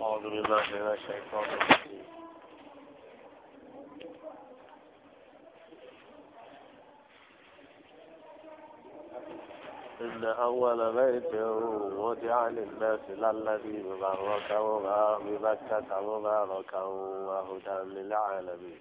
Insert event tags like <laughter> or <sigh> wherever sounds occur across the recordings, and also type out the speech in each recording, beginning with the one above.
أعوذ بالله من الشيطان الرجيم إن أول بيت وضع للناس للذي ببركة ببكة مباركا وهدى للعالمين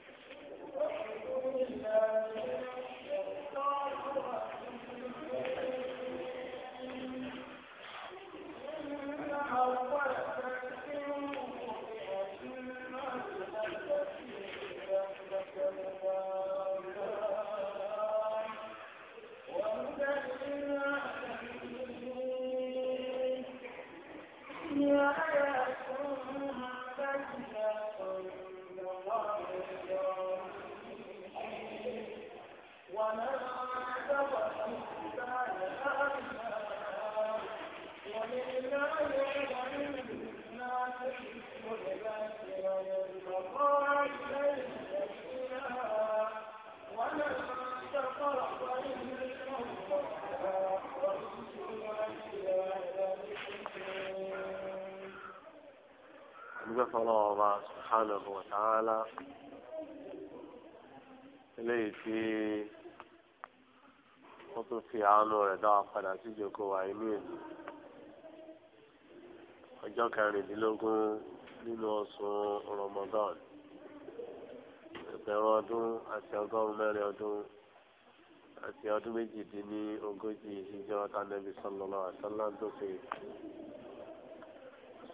eléyìí tí wọ́n tún fi àánú rẹ̀ dá wa padà sí ìjókòó wa inú èlò ọjọ́ kẹrìndínlógún nínú oṣù Ramadan ẹgbẹ̀rún ọdún àti ọgọ́rùn mẹ́rin ọdún àti ọdún méjìdínlógójì ìṣíjọ́ tánẹ́bí sallallahu alaihi tó ṣe.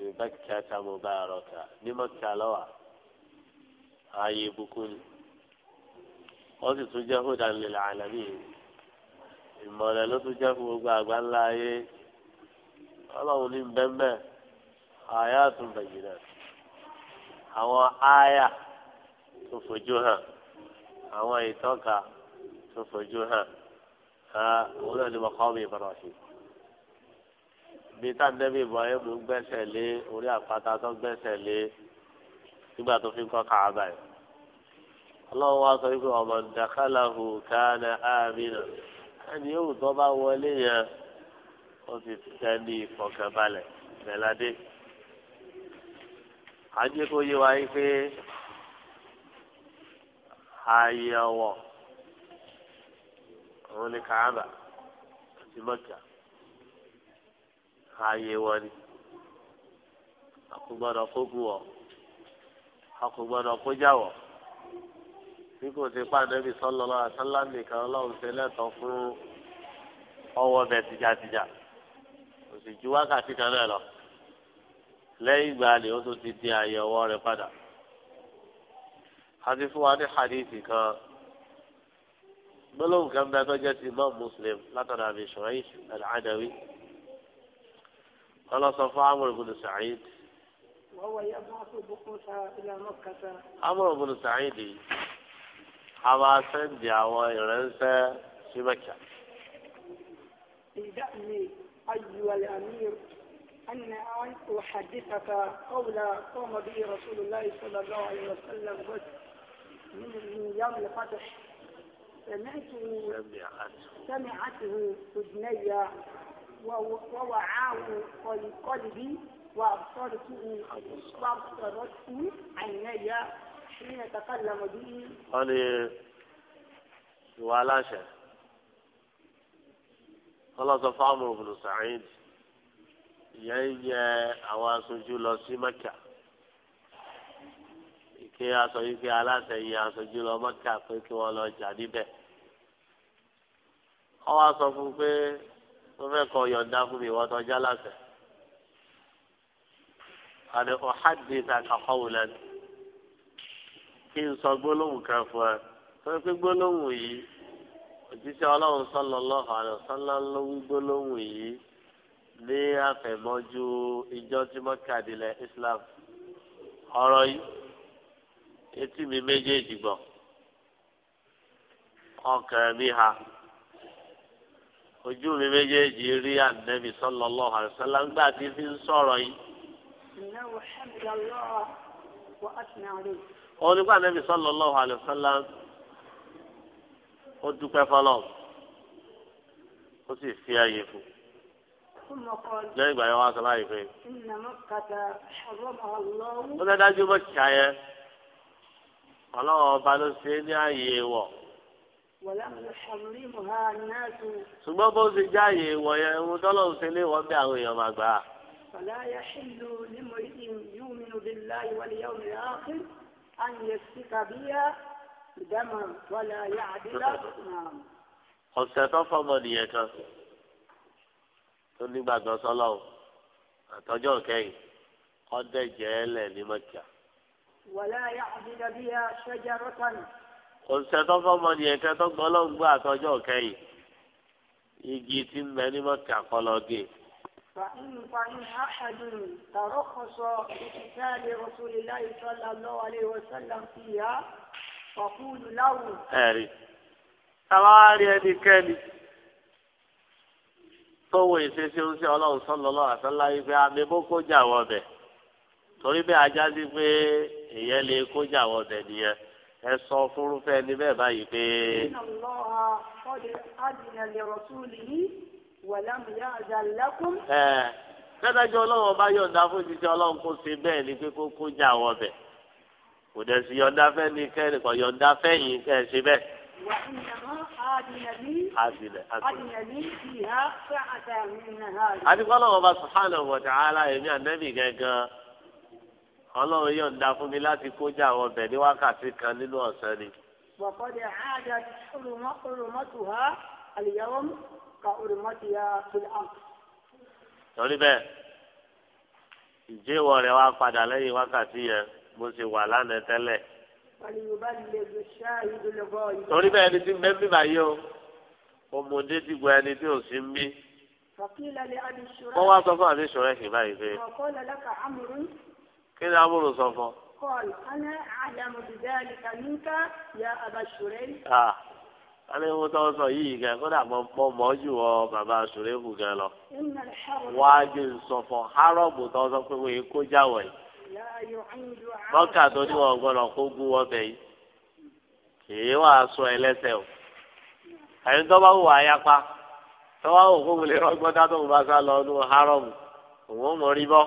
bíbákìá mubaraka ní mọ́kìá lọ́wọ́ ààyè bukun ni wọ́n sì tún hudan lil alamin ìmọ̀lẹ̀ ló tún jẹ́ fún gbogbo àgbà ńlá ayé ọlọ́run ní bẹ́ẹ̀mẹ́ àyà tún bẹ̀yìn náà àwọn àyà tó fojú hàn àwọn ìtọ́ka fojú hàn ha náà ní bí táǹdẹ́bì ibrahim gbẹ́sẹ̀ lé orí àpáta tó gbẹ́sẹ̀ lé nígbà tó fi kọ́ kàába yìí ọlọ́run wá sọ wípé ọmọ ìdàkálàhù káàna àmìnà ẹni yóò tó bá wọlé yẹn ó ti tẹ́ ìfọ̀kànbalẹ̀ bẹ̀ládé àjẹ́ kó yé wa yìí pé àyẹ̀wò òun ni kàába àti mọ́kà ààyè wọn ni àkó gbọ́dọ̀ kó bu wọ àkó gbọ́dọ̀ kó já wọ bí kò sí pàdébí sọlọlọ àtàlámì kan Ọlọ́run ṣe lẹ́tọ̀ọ́ fún ọwọ́ bẹ́ẹ̀ tìjàtìjà kò sì ju wákàtí kan náà lọ lẹ́yìn ìgbà ni ó tún ti di àyẹ̀wò rẹ̀ padà àti fún wa ní hadithi kan gbólóhùn kan bẹ́ẹ̀ tó jẹ́ ti mọ muslim látọ̀dọ̀ àbí ṣùgbọ́n ìṣù àdáwí. قال صفى عمر بن سعيد وهو يبعث بقوتها إلى مكة عمر بن سعيد حماسا دعوة يرنسى في مكة دعني أيها الأمير أن أحدثك قولا قام به رسول الله صلى الله عليه وسلم قد من يوم الفتح سمعته سمعته أذني ووعاه قلبي وأبصرته وأبصرته عيني حين تكلم به. قال ولا شيء. خلاص فعمر بن سعيد ìyẹn yẹ àwọn aṣojú lọ sí mẹ́kà kí aṣọ yìí kí aláṣẹ yẹ aṣojú lọ mẹ́kà pé kí wọ́n lọ jà níbẹ̀. wọ́n wá sọ fún pé. wọ́n fẹ́ kọ́ yọ̀ǹda fún mi wọ́n tọ́já lásẹ̀. àní ọ̀hádìí ta kàkọ́wò lẹ́nu kí n sọ gbólóhùn kan fún ẹ tó gbólóhùn yìí òjíṣẹ́ ọlọ́run sallallahu alaihi wasallam ló wí gbólóhùn yìí ní àfẹ̀mọ́jú ìjọ tí mọ́kàdínlẹ̀ Islam ọ̀rọ̀ yìí etí mi méjèèjì mi ha. ojú mi méjèèjì rí ànẹ́bí sallallahu alaihi wasallam ńgbà tí fi ń sọ̀rọ̀ yìí. òun nípa ànẹ́bí sallallahu alaihi wasallam ó dúpẹ́ fọlọ́ ó sì fi ààyè fún lẹ́yìn ìgbà yẹn wá sọ láyé pé. ó dájú mọ́ kíkà yẹn ọlọ́wọ́ ọba ló ṣe ṣùgbọ́n bó ṣe jáàyè ìwọ̀ yẹn ohun tọ́lọ̀ ń ṣe léwọ́ bí àwọn èèyàn máa gbà á. فلا يحل لامرئ يؤمن بالله واليوم الآخر أن يسفك بها دما ولا يعدل نعم ọ̀sẹ̀ tó fọmọ nìyẹn kan tó nígbàgbọ́ sọ́lọ́ àtọ́jọ́ kẹ́yìn ọdẹ jẹ́ ẹlẹ̀ ní mọ́kíá. wàlá yàgùdà bíi ṣẹjẹrọ tani kò sẹ́tọ́fọ́ mọ nìyẹn kẹ́tọ́gbọ́ ọlọ́run gbọ́ àtọ́jọ́ kẹ́yìn igi tí ń bẹ ní mọ́tì àkọlọ́gẹ̀. فإن فإن أحد ترخص بقتال رسول الله صلى الله عليه وسلم فيها فقول له. ẹ̀rí sáwárí ẹnikẹ́ni tó wo ìṣesí ń ṣe ọlọ́run sallallahu alaihi wasallam pé àmì bó kó jà wọ́n bẹ̀ torí bẹ́ẹ̀ ajá sí pé èèyàn lè kó jà wọ́n nìyẹn ẹ sọ fúrúfẹ ní bẹ́ẹ̀ báyìí pé. ẹ kẹtàjọ ọlọ́run ọba yọ̀ǹda fún jíjẹ ọlọ́run kó ṣe bẹ́ẹ̀ ni pé kó kó jà wọ bẹ kò dẹ̀ sí yọ̀ǹda fẹ́ ni kẹrin kọ yọ̀ǹda fẹ́ yìí kẹ ẹ ṣe bẹ́ẹ̀. àdìgbọ́lọ́wọ́ bá sùhánà wọ̀tí àlàyé mi ànẹ́bì gángan ọlọ́run yọ̀ǹda fún mi láti kójú àwọn ọbẹ̀ ní wákàtí kan nínú ọ̀sán ni. bọ̀kọ́dẹ̀ àádá olùmọ́tò ha àlìyáwó ka olùmọ́tò ya tóbi àmì. torí bẹ́ẹ̀ ìjẹ́wọ̀ rẹ̀ wá padà lẹ́yìn wákàtí yẹn mo sì wà lánàá tẹ́lẹ̀. torí bẹ́ẹ̀ ni tí ń bẹ́ bí báyìí o ọmọdé ti gba ẹni tí ò sí ń bí. wọ́n wá sọ fún àbí ṣọ̀rẹ́ kì kí ni amúlò sọ fún. kọ́ọ̀lù ana àdàmú dídáàlì kàmíkà ya abasure. alẹ́ wọn tó sọ yìí gan kódà mọ mọ mọ jù ọ bàbá sure kù gan wájú sọfọ hárọ̀bù tó sọ pé wọ́n yẹ kó jáwọ̀ yìí. mọ́kà tó ní wọn gbọ́dọ̀ kó gún wọn bẹ̀ yìí. kì í wàá sọ ẹlẹ́sẹ̀ o. àyìn tó bá wù wá yapa tó bá wù kó wulẹ̀ rọ́gbọ́n tó bá sá lọ ọdún hárọ̀bù òun ò mọ̀ rí bọ́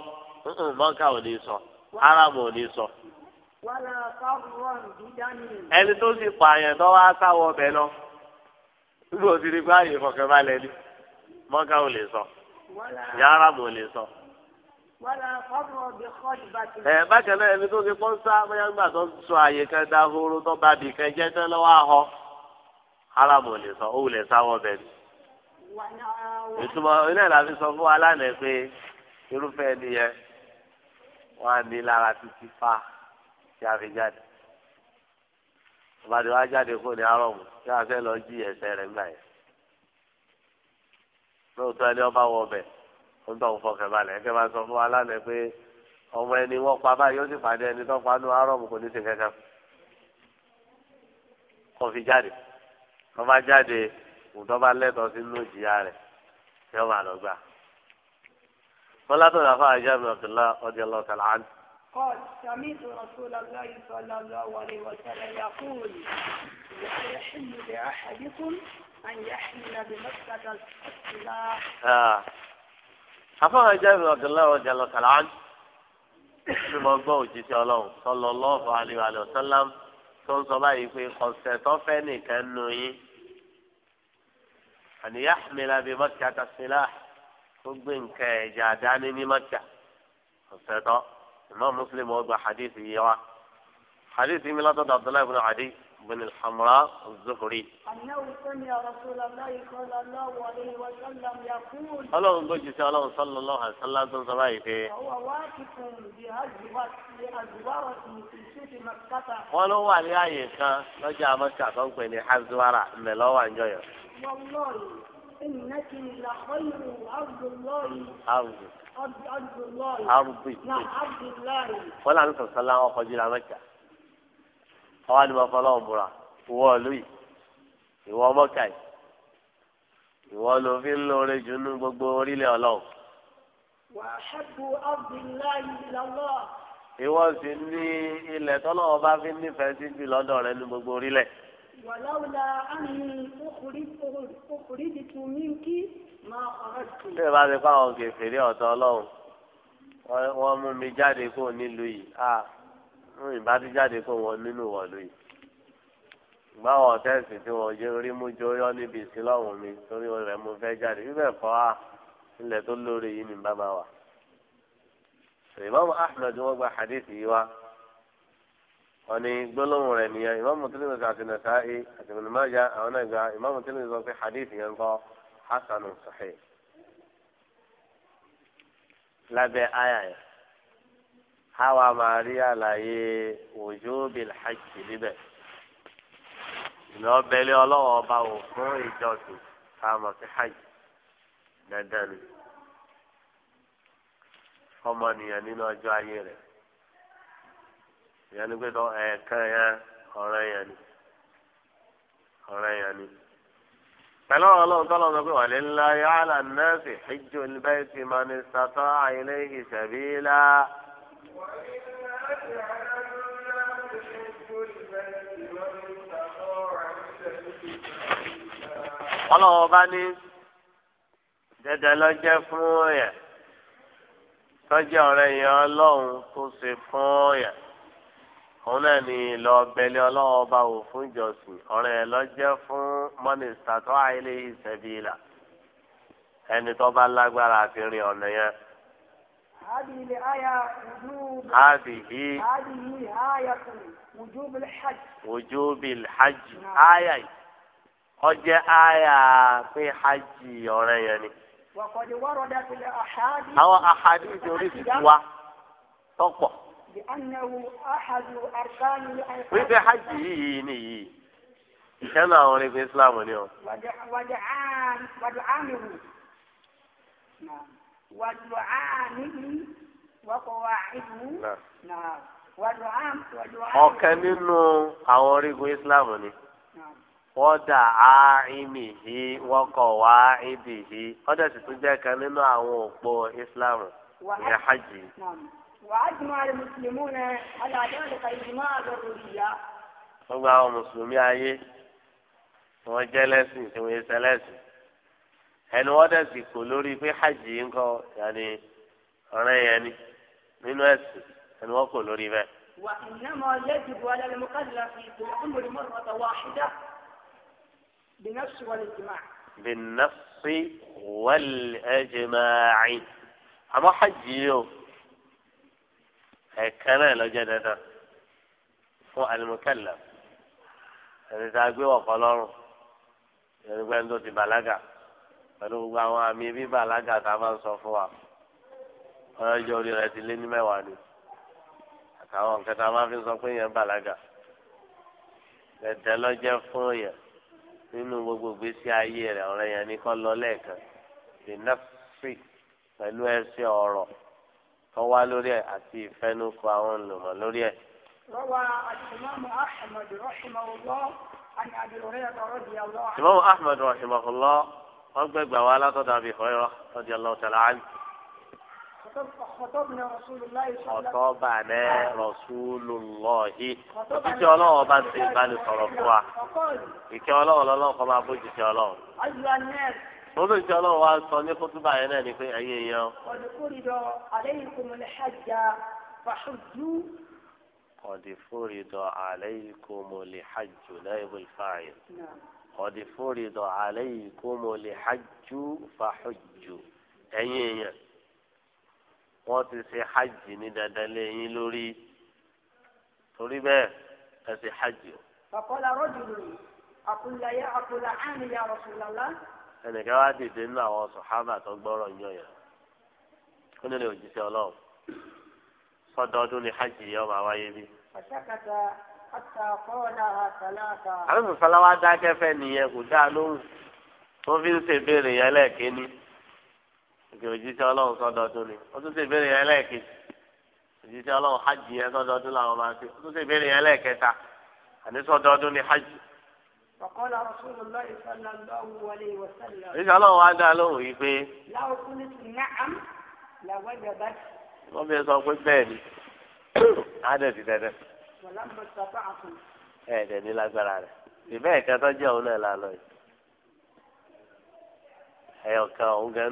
mọ́kà ò ní sọ. ara ní sọ. ẹni tó sì pààyàn tó wá sáwọ lọ báyìí ni sọ ìyá ò lè sọ. ẹ bákan náà ẹni tó ti pọ́n sá bóyá nígbà tó ń sọ àyè kan dá horo tó bá bì kan jẹ́ tán lọ́wọ́ àhọ́ arábò ò lè sọ ó lè sáwọ ọbẹ̀ ni. ìtumọ̀ ilé ìlànà sọ fún wọn á ní lára títí fa tí a fi jáde ìbàdàn wa jáde kó ní arọmù tí a fẹ́ lọ jí ẹsẹ̀ rẹ̀ gbà yẹn lóòótọ́ ẹni ọba wọ ọbẹ̀ ó ń tọ́ òun fọkàn balẹ̀ ẹ̀kẹ́ máa sọ fún wa lánàá pé ọmọ ẹni wọ́n pa báyìí ó sì pàdé ẹni tó pa nú arọmù kò ní sí kankan kò fi jáde wọ́n bá jáde òun tó bá lẹ́tọ̀ọ́ sínú ìjìyà rẹ̀ yóò máa lọ gbà. فلا تدافع جابر بن عبد الله رضي الله تعالى عنه قال سمعت رسول الله صلى الله عليه وسلم يقول لا يحل لأحدكم أن يحمل بمكة السلاح آه حفظ جابر بن عبد الله رضي الله تعالى عنه bí mo gbọ́ òjíṣẹ́ ọlọ́run sallallahu alaihi wa sallam tó ń sọ báyìí pé ọ̀sẹ̀ tó fẹ́ nìkan nù yín an yahmila bi makkata silah kó gbé nǹkan ẹ̀jẹ̀ àdáni ní mọ́kà ọ̀sẹ̀ tán ìmọ̀ mùsùlùmí ọgbà hadithi yìí wa hadithi mi látọ̀dọ̀ abdullahi ibn adi ibn al-hamra az-zuhri. ọlọ́run gbójú sí ọlọ́run sallallahu alaihi wasallam tó ń sọ báyìí pé. wọ́n ló wà ní ààyè kan lọ́jà mọ́kà tó ń pè ní hazuwara ńlẹ̀ lọ́wọ́ àjọyọ̀. إنك لخير عبد الله عبد عبد الله عبد نعم عبد الله ولا نسأل صلى الله عليه وسلم مكة قال ما فلان برا هو لوي هو مكة هو لو في اللوري جنون بقوري لي وأحب عبد الله إلى الله ìwọ sì ní ilẹ̀ tọ́lọ́wọ́ bá fi nífẹ̀ẹ́ sí jù lọ́dọ̀ rẹ ní gbogbo orílẹ̀ wàláwùlà àmì òkùrìdì tún mí kí máa ọ̀rọ̀ sí. ṣé ìbá ti fáwọn kèfèrí ọ̀tọ̀ ọlọ́run wọ́n mú mi jáde kó nílùú yìí à mú ìbá ti jáde kó wọn nínú wọ̀lú yìí báwọn ọ̀tẹ́ẹ̀sì tí wọ́n jẹ́ orí mú jọ yọ níbi ìsìlọ́hùn mi torí rẹ̀ mo fẹ́ jáde bíbẹ̀ kọ́ à ilẹ̀ tó lórí yìí ni bàbá wa. ìmáàmù Ahmed wọ́n gba hadith yìí wá ọ̀nì gbólóhùn rẹ̀ nìyẹn ìmáàmù tìlímù àti nàṣáì àti mùnìmájà àwọn náà gba ìmáàmù tìlímù sọ pé hadith yẹn kọ́ hasanu sahih lábẹ́ àyà yẹn hawa máa rí àlàyé wujubil hajj níbẹ̀ ìnáwó bẹ́lẹ́ ọlọ́wọ́ ọba wò fún ìjọsìn káàmọ̀ sí hajj dandan ni ọmọnìyàn nínú ọjọ́ ayé rẹ̀ ìyẹn ni pé ẹ̀ẹ̀kan yẹn ọ̀rẹ́ yẹn ni ọ̀rẹ́ yẹn ni. pẹ̀lú ọlọ́run tó lọ́nà pé wàlẹ́ ńlá yàrá nẹ́ẹ̀sì ìjọ ìbẹ́ ti máa ní sàtọ́ àìlẹ́ ìṣẹ̀bílá. ọlọ́run bá ní dẹ́dẹ́ lọ́jẹ́ fún yẹn tọ́jú ọ̀rẹ́ yẹn ọlọ́run tó ṣe fún yẹn òun náà ni lọ bẹ̀lẹ̀ ọlọ́wọ́ bá wò fún ìjọsìn ọ̀rẹ́ ẹ̀ lọ́jẹ́ fún mọ́nìsítà tó àìlè ìṣẹ̀bí ìlà ẹni tó bá lágbára àti rìn ọ̀nà yẹn. Hadihi wujubil hajj aya yìí ọjẹ́ aya pé hajj ọ̀rẹ́ yẹn ni. Àwọn ahadi ti oríṣiríṣi wa wípé hajj yìí ni yìí ìṣẹ́ náà àwọn onígun islam ni o. ọ̀kan nínú àwọn islam ni wọ́n dà á yìí wọ́n kọ̀ wá ìbì yìí ọ̀dẹ̀ sì tún jẹ́ kan nínú àwọn òpó islam hajj. وأجمع المسلمون على ذلك إجماع ضرورية gbogbo àwọn mùsùlùmí ayé wọn jẹ lẹ́sìn tí wọn yẹ sẹ lẹ́sìn ẹni wọn dẹsì kò lórí pé hajj yìí ń kọ yanni ọ̀rẹ́ yẹn ni nínú ẹ̀sìn ẹni wọn kò lórí bẹ́ẹ̀. wà ìnáma yẹ́jì bu alẹ́ lẹ́mú kájìlá fi ìpè ọmọdé mọ́tò mọ́tò wá ṣídá bìnàfsì wọlé jìmá. bìnàfsì wọlé jìmá àmọ́ hajj yìí o. ẹ̀ẹ̀kan náà lọ́jọ́ dandan fún alimukẹ́lẹ̀ ẹni tá a gbé wọ̀kọ́ lọ́rùn ẹni pẹ́ tó ti bàlágà pẹ̀lú gbogbo àwọn àmì bí bàlágà tá a máa ń sọ fún wa ọlọ́jọ́ orí ti lé ní mẹ́wàá ni àtàwọn nǹkan tá a máa fi sọ pé yẹn bàlágà ẹ̀tẹ́ lọ́jẹ́ fún yẹn nínú gbogbo gbèsè ayé rẹ̀ ọ̀rẹ́ yẹn ni kọ́ lọ lẹ́ẹ̀kan ìnáfì pẹ̀lú ẹsẹ̀ ọ̀rọ̀. tọ́wá lórí ẹ̀ àti ìfẹ́nukọ àwọn olùmọ̀ lórí ẹ̀. rọwà alimami ahmed rahimahullah ani abirore radiyallahu. imamu ahmed rahimahullah wọn gbẹgbà wa látọ̀dọ̀ àbí ìfọyọ radiyallahu ta'ala anhu. خطبنا رسول الله صلى خطبنا رسول الله òtítí ọlọ́run ọba ṣe ìbánisọ̀rọ̀ fún wa ìkẹ́ ọlọ́run ọlọ́run kọ́ máa bójú ti ọlọ́run ó lè jẹ́ ọlọ́run wa sọ ní kótóbà yẹn náà ni pé ẹ̀yin èèyàn. ọ̀dùnkúrìdọ̀ alaykumul hajja fahujju. ọ̀dùnkúrìdọ̀ alaykumul hajju naibul fa'il. ọ̀dùnkúrìdọ̀ alaykumul hajju fahujju. ẹ̀yin èèyàn wọ́n ti ṣe hajj ní dandan lẹ́yìn lórí torí bẹ́ẹ̀ ẹ ṣe hajj. faqala rajulun aqul la ya'kulu 'ani ya rasulallah. ẹnìkan wá dìde nínú àwọn sọ̀hábà tó gbọ́rọ̀ yàn yàn ó nílò òjíṣẹ́ ọlọ́run sọdọọdún ni hajj yẹn máa wáyé bí. àwọn mùsàláwá dákẹ́ fẹ́ nìyẹn kò dáa lóhùn tó fi ń ṣèbéèrè yẹn lẹ́ẹ̀kínní ìgbè òjíṣẹ́ ọlọ́run sọdọọdún ni ó tún ṣèbéèrè yẹn lẹ́ẹ̀kejì hajj yẹn sọdọọdún làwọn máa ń ṣe ó tún yẹn lẹ́ẹ̀kẹta àní sọdọọdún ni hajj. Ọ̀kọ́lá Rasulullah sallallahu alaihi wasallam. Ìṣe ọlọ́run wá dá lóhùn yìí pé. Láwọn kúlù tún náàm làwọn jàbá. Wọ́n fi sọ pé bẹ́ẹ̀ ni. Ádẹ̀ ti dẹ́dẹ́. Wọ́lá ń bọ̀ tó òun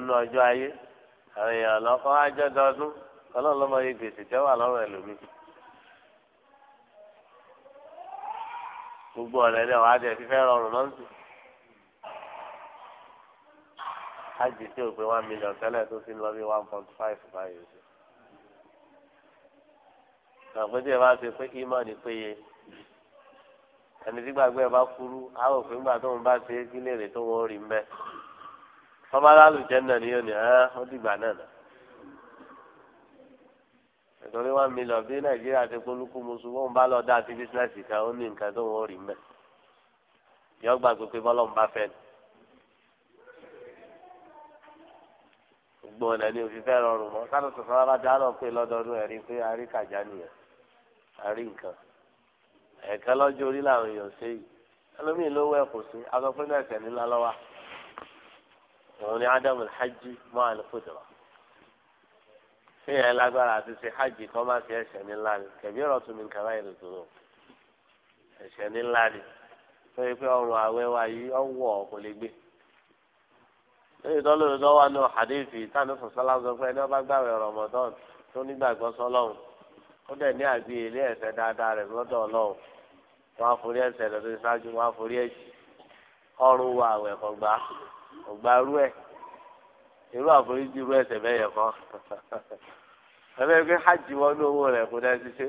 náà yìí. òun ayé. Àwọn èèyàn dọdún. gbogbo ọ̀rẹ́ lẹ wàá jẹ fífẹ́ rọrùn lọ́sì. hajj tí o pé one million tẹ́lẹ̀ tó fi ń lọ bí one point five báyìí sí. àpò tí ẹ bá ṣe pé kí mọ̀ ní péye ẹni tí gbàgbé ẹ bá kúrú á ò pé ńgbà tóun bá ṣe é kí léèrè tóun ó rí mbẹ. tọ́ba lálùjẹ́ náà ni yóò ní ẹ́ ó dìgbà náà náà. nítorí wọn mi lọ bí nàìjíríà ti polúkú musu wọn bá lọ dá sí bísíǹsì kan ó ní nǹkan tó rí mẹ yọ gbàgbé pé bọlọ ń bá fẹ ni gbogbo ọ̀nà ni òfin fẹ́ rọrùn mọ́ ká ló pé lọ́dọọdún pé a rí kàjá nìyẹn a rí nǹkan náà ẹ̀sẹ̀ ńlá lọ́wọ́ òun ni kéèyàn lágbára àti ṣe hajj kọ́ máa ṣe ẹ̀ṣẹ̀ ní ńlá ni kẹ̀mí ọ̀rọ̀ tún mi ń kàrá ìlú tó lọ ẹ̀ṣẹ̀ ní ńlá ni tó yẹ pé ọrùn àwẹ̀ wa yìí ọwọ́ kò lè gbé lórí tó lórí tó wà ní hadithi táwọn sọ sọ pé ẹni ọba gbàwẹ̀ Ramadan tó nígbàgbọ́ ó dẹ̀ irú àforíjì irú ẹsẹ̀ bẹ́ẹ̀ yẹn kọ́ <laughs> ẹgbẹ́ pé hajj wọnú owó rẹ̀ kó dá sí ṣe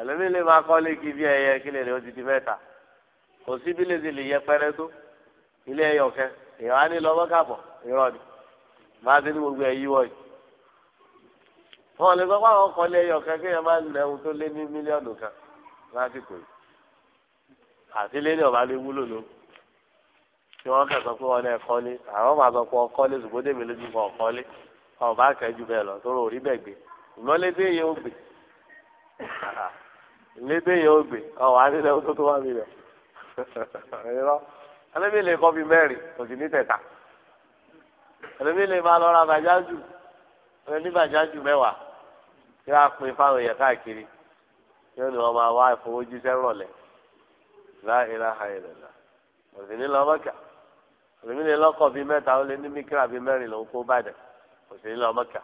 ẹlẹ́mi lè máa kọ́ léegi bí ẹyẹ kí lè lè ó ti di mẹ́ta kò sí bí lè ti lè yẹ pẹ́rẹ́ tó ilé ẹyọ kẹ èèyàn á lọ́wọ́ kàbọ̀ irọ́ ni máa ti ní gbogbo ẹ̀ yíwọ́ yìí wọn lè gbọ́ pàwọn kọ́ lé ẹyọ kẹ kí èèyàn máa lẹ ohun tó lé ní mílíọ̀nù kan lásìkò yìí àti lé ní ọ̀bá tí wọ́n kẹ́sọ̀ pé wọ́n náà kọ́lé àwọn máa sọ pé ọkọ́lé ṣùgbọ́n dèmi lójú kan ọkọ́lé ọba akẹ́jú bẹ́ẹ̀ lọ tó rò rí bẹ́ẹ̀ gbé ìmọ̀ lédè yẹn ó gbé <laughs> lédè yẹn ó gbé ọwọ́ anílẹ̀ ó tó tó wá mi lọ ẹlẹ́mi lè kọ́ bí mẹ́rin kò sì ní tẹ̀ta ẹlẹ́mi lè máa lọ ra bàjájú ẹlẹ́mi bàjájú mẹ́wàá kí wọ́n á pín fáwọn èèyàn káàkiri yóò ní wọ́n máa wá ìfowójúṣẹ́ rọ̀lẹ́ láìláha ìrẹ̀lá òsì ní lọ́mọ́kà èmi lè lọ́kọ̀ bíi mẹ́ta ó lé ní mikra bíi mẹ́rin lòún kó bàdẹ̀ kò sí lọ mọ́kà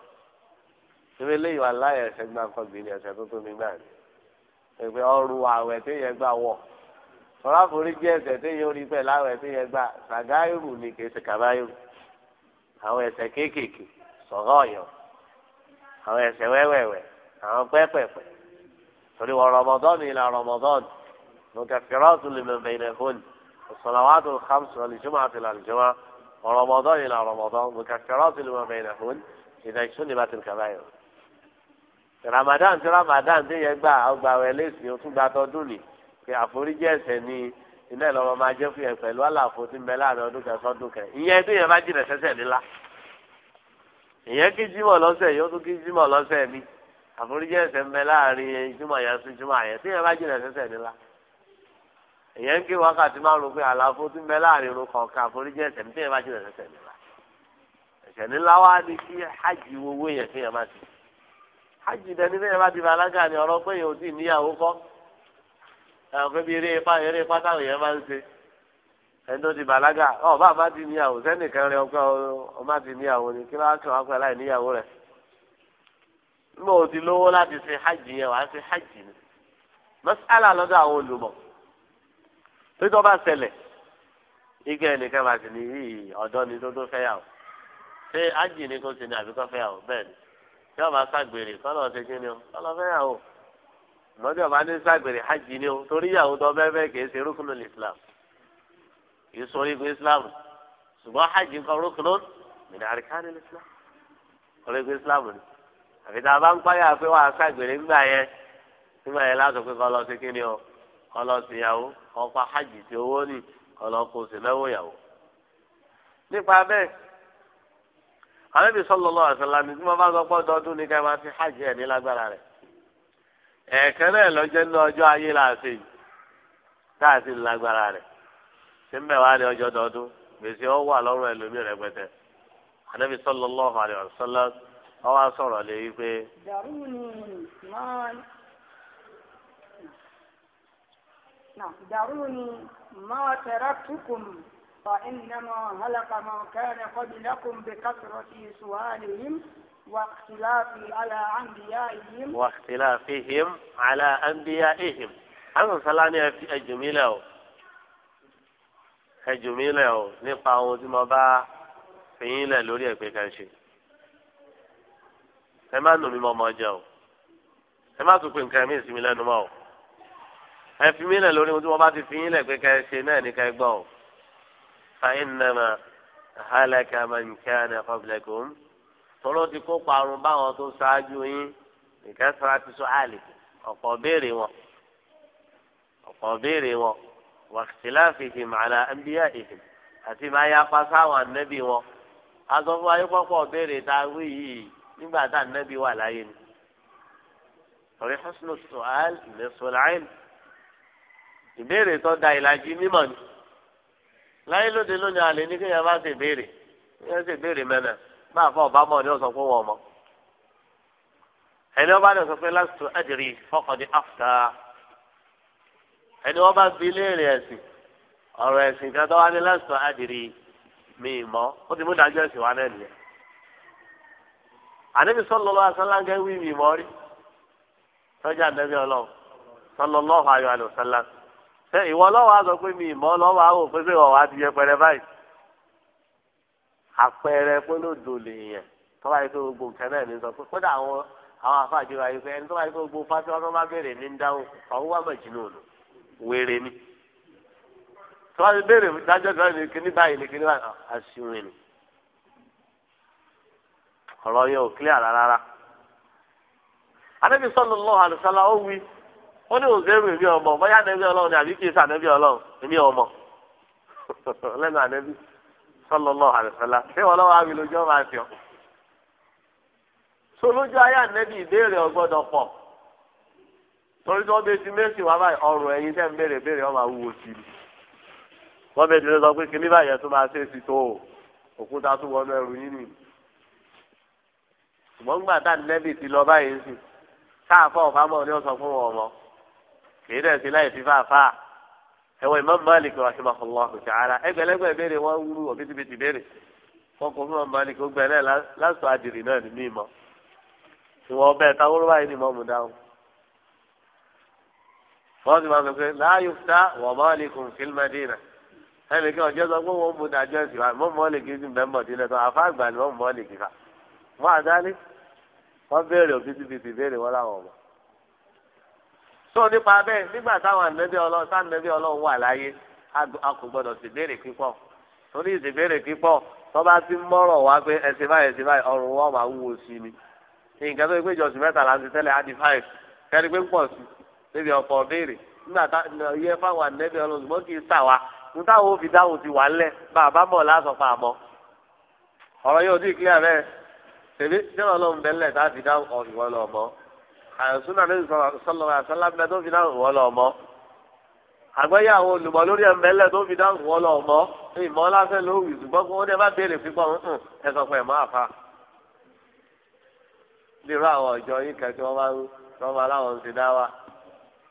síbi léyìí wà láyé ẹsẹ̀ gbà kan gbìn ní ẹsẹ̀ tó tóbi gbà ní ẹgbẹ́ ọrùn àwẹ̀ tó yẹ gbà wọ̀ tọ́láforí jẹ́ ẹsẹ̀ tó yẹ orí pẹ̀lú àwẹ̀ tó yẹ gbà sàgáìrù ni kì í ṣe kàbáyìrù àwọn ẹsẹ̀ kéékèèké sọ̀rọ̀ ọ̀yàn àwọn ẹsẹ̀ wẹ́wẹ́wẹ́ àwọn pẹ́pẹ́pẹ́ torí wọ Ramadan ìlà Ramadan mọ̀kàfẹ́rọ́ọ̀tù lè mẹ̀mẹ́ ìnẹ̀fóònù الصلوات الخمس والجمعة إلى الجمعة ورمضان إلى رمضان مكفرات لما بينهن إذا اجتنبت الكبائر Ramadan tí Ramadan tí yẹn gbà ọgbà rẹ lẹsìn o tún gba tọdún lì pé àforíjì ẹ̀ṣẹ̀ ni iná ìlọrọ máa jẹ fún yẹn pẹ̀lú àlàfo tí ń bẹ láàrin ọdún kan sọdún kan ìyẹn tí yẹn bá jìnà sẹsẹ nílá ìyẹn kí jímọ̀ lọ́sẹ̀ yóò tún kí jímọ̀ lọ́sẹ̀ mi àforíjì ẹ̀ṣẹ̀ ń bẹ láàrin jímọ̀ yẹn sí jímọ̀ yẹn tí yẹn bá jìnà sẹsẹ nílá. èyàn ń ké wákàtí márùn pé àlàfo tún bẹ láàrin irun nítorí hajj yẹn fi yẹn má ti hajj dẹni bẹ́ẹ̀ bá ti bàlágà ni ọ̀rọ̀ pé yẹn ò tí ì níyàwó kọ́ ẹ̀hún pé bí eré ipá eré ipá táwọn yẹn máa ń ṣe ẹni tó ti ọ̀ bá ti níyàwó ọ má ti níyàwó ni kí wọ́n á kàn wá pẹ́ láì níyàwó rẹ̀ ò ti lówó láti ṣe hajj yẹn wàá ṣe hajj ni tó tó bá ṣẹlẹ̀ igi ẹnìkan máa ní ni tó tó fẹ́yàwó ṣé ájì ni kò sì ní àbíkọ́ fẹ́yàwó bẹ́ẹ̀ ni tí ọba ṣàgbèrè kọ́lọ́ ṣe kí ni o kọ́lọ́ fẹ́yàwó lọ́dí ọba ní ni o torí ìyàwó tó bẹ́ẹ̀ bẹ́ẹ̀ kìí ṣe islam kìí sọ islam ṣùgbọ́n hajj ń kọ́ rúkúnù min arkani islam orígun islam ni àfi tá a bá ń pààyà pé wàá ńgbà yẹn ńgbà yẹn ọlọ́sìyàwó ọ̀pá hajj tí owó ní ọlọ́kùnrin lẹ́wọ̀ yàwó. nípa bẹ́ẹ̀ ànábì sallallahu alaihi wasallam tí mo bá sọ pé ọdọọdún ní káyọ̀ máa fi hajj ẹ̀ ní lágbára rẹ̀. ẹ̀ẹ̀kan náà lọ́jọ́ ní ọjọ́ ayé láàfin káàsì lágbára rẹ̀ ní ọjọ́ dọ́dún gbèsè ọ wà lọ́rùn ẹlòmí sọ̀rọ̀ lé نعم دعوني ما تركتكم فإنما هلك ما كان قبلكم بكثرة سؤالهم واختلاف على أنبيائهم واختلافهم على أنبيائهم àwọn sálání ẹjùmí lẹ o ẹjùmí lẹ o nípa ohun tí mo bá fìyín lẹ lórí ẹgbẹ kan ṣe ẹ má nù mí mọ ọmọ jẹ o ẹ má tún pé nǹkan mi sí mi lẹ́nu mọ́ o ẹ fi mí lẹ̀ lórí ohun tí wọ́n bá ti fi yín lẹ̀ pé ká ẹ ṣe náà ní ká ẹ gbọ́ ọ. fainama halaka man kana qablakum tọ́lọ́ ti kó parun báwọn tó ṣáájú yín nìkan sara ti sọ àlè ọ̀pọ̀ béèrè wọn ọ̀pọ̀ béèrè wọn wàhtilafihim ala anbiyaihim àti máa ya pásá àwọn ànábì wọn aṣọ fún ayé pọ́pọ́ béèrè tá a wí yìí nígbà tá ànábì wà láyé ni. torí husnu su'al ní ìbéèrè tó da ìlàjì mímọ̀ ni láyé lóde lónìí àlè ní kéèyàn bá ṣe béèrè kéèyàn ṣe béèrè mẹ́nà máa fọ ọba mọ̀ ni ó fún wọn mọ́ ẹni ọba náà sọ pé lásìkò ẹ̀dìrì fọkàndín áfùtà ẹni wọn bá fi léèrè ẹ̀sìn ọ̀rọ̀ ẹ̀sìn kan tó wá ní lásìkò ẹ̀dìrì mi mọ́ ó ti mú dájọ́ ẹ̀sìn wá náà nìyẹn àdébí sọlọ́lọ́ asálàǹgẹ́ wí mi mọ́ rí sọ́jà nẹ́bí ayọ̀ ṣe ìwọ lọ́wọ́ á pé mi ìmọ̀ lọ́wọ́ á wò pé pé ọ̀wá ti yẹ pẹrẹ báyìí àpẹẹrẹ pé lódò lèèyàn tó bá yẹ pé gbogbo nǹkan náà ní sọ pé kódà àwọn àwọn afáàjọ wa yẹ pé ẹni tó bá yẹ pé gbogbo wọn bá béèrè ní dáhùn wà ni tó bá ti béèrè dájọ́ ní kíní báyìí ní kíní báyìí àṣìwìn ni ọ̀rọ̀ yẹn ò clear ó ní òzèrú èmi ọmọ bóyá nẹ́bí ọlọ́run ni àbí kì sànẹ́bí ọlọ́run èmi <laughs> ọmọ lẹ́nu ànẹ́bí ṣé lọ́wọ́ ọ. so ayé ànẹ́bí ìbéèrè ọgbọ́dọ̀ pọ̀ torí tí wọ́n bẹ ti méjì wá báyìí ọrùn ẹ̀yin tẹ́ ń béèrè béèrè ọmọ àwùwò sí i. wọ́n bẹ ti lọ sọ pé kí níbàyẹ̀ tó máa ṣe é sí tó kì í dẹ̀ sí láì fi fáfá ẹ̀wọ̀n Imam Malik rahimahullahu ta'ala ẹgbẹ̀lẹ́gbẹ̀ ìbéèrè wọn wúru òbítíbitì béèrè wọn kò fún Imam Malik ó gbẹ náà lásìkò àdìrì náà ní mí mọ ìwọ ọbẹ̀ táwọn báyìí ni mọ́mú dáhùn. wọ́n ti máa sọ pé láàyò fúta wọ́n Malik fil Madina ẹnì kan ọjọ́ sọ pé wọ́n mú dájọ́ ẹ̀sìn wa mọ́ Malik ti bẹ́ẹ̀ mọ̀ dínlẹ̀ tó àfa àgbà ni mọ́ Malik fa wọ́n sọ nípa bẹ́ẹ̀ nígbà táwọn ànẹ́bí ọlọ́run táwọn ànẹ́bí ọlọ́run wà láyé a kò gbọdọ̀ ṣèbéèrè pípọ̀ torí pípọ̀ ti mọ́rọ̀ wá pé ẹsẹ̀ báyìí ẹsẹ̀ báyìí ọrùn wọn máa wúwo sí ni nǹkan tó yẹ pé ìjọsìn mẹ́ta láti tẹ́lẹ̀ á five pé ń pọ̀ sí níbi béèrè nígbà táwọn ànẹ́bí àyànsúnà lórí sọlọ àṣàlámẹ tó fi dáhùn wọn lọ mọ àgbẹyàwó olùmọ lórí ẹmẹlẹ tó fi dáhùn wọn lọ mọ ìmọ lásẹ ló wì ṣùgbọ́n kó dé bá béèrè pípọ nǹkan ẹ sọ pé ẹmọ àfa lérò àwọn ọjọ́ yìí kẹtí wọn máa ń wọn máa láwọn ń ṣe dá wa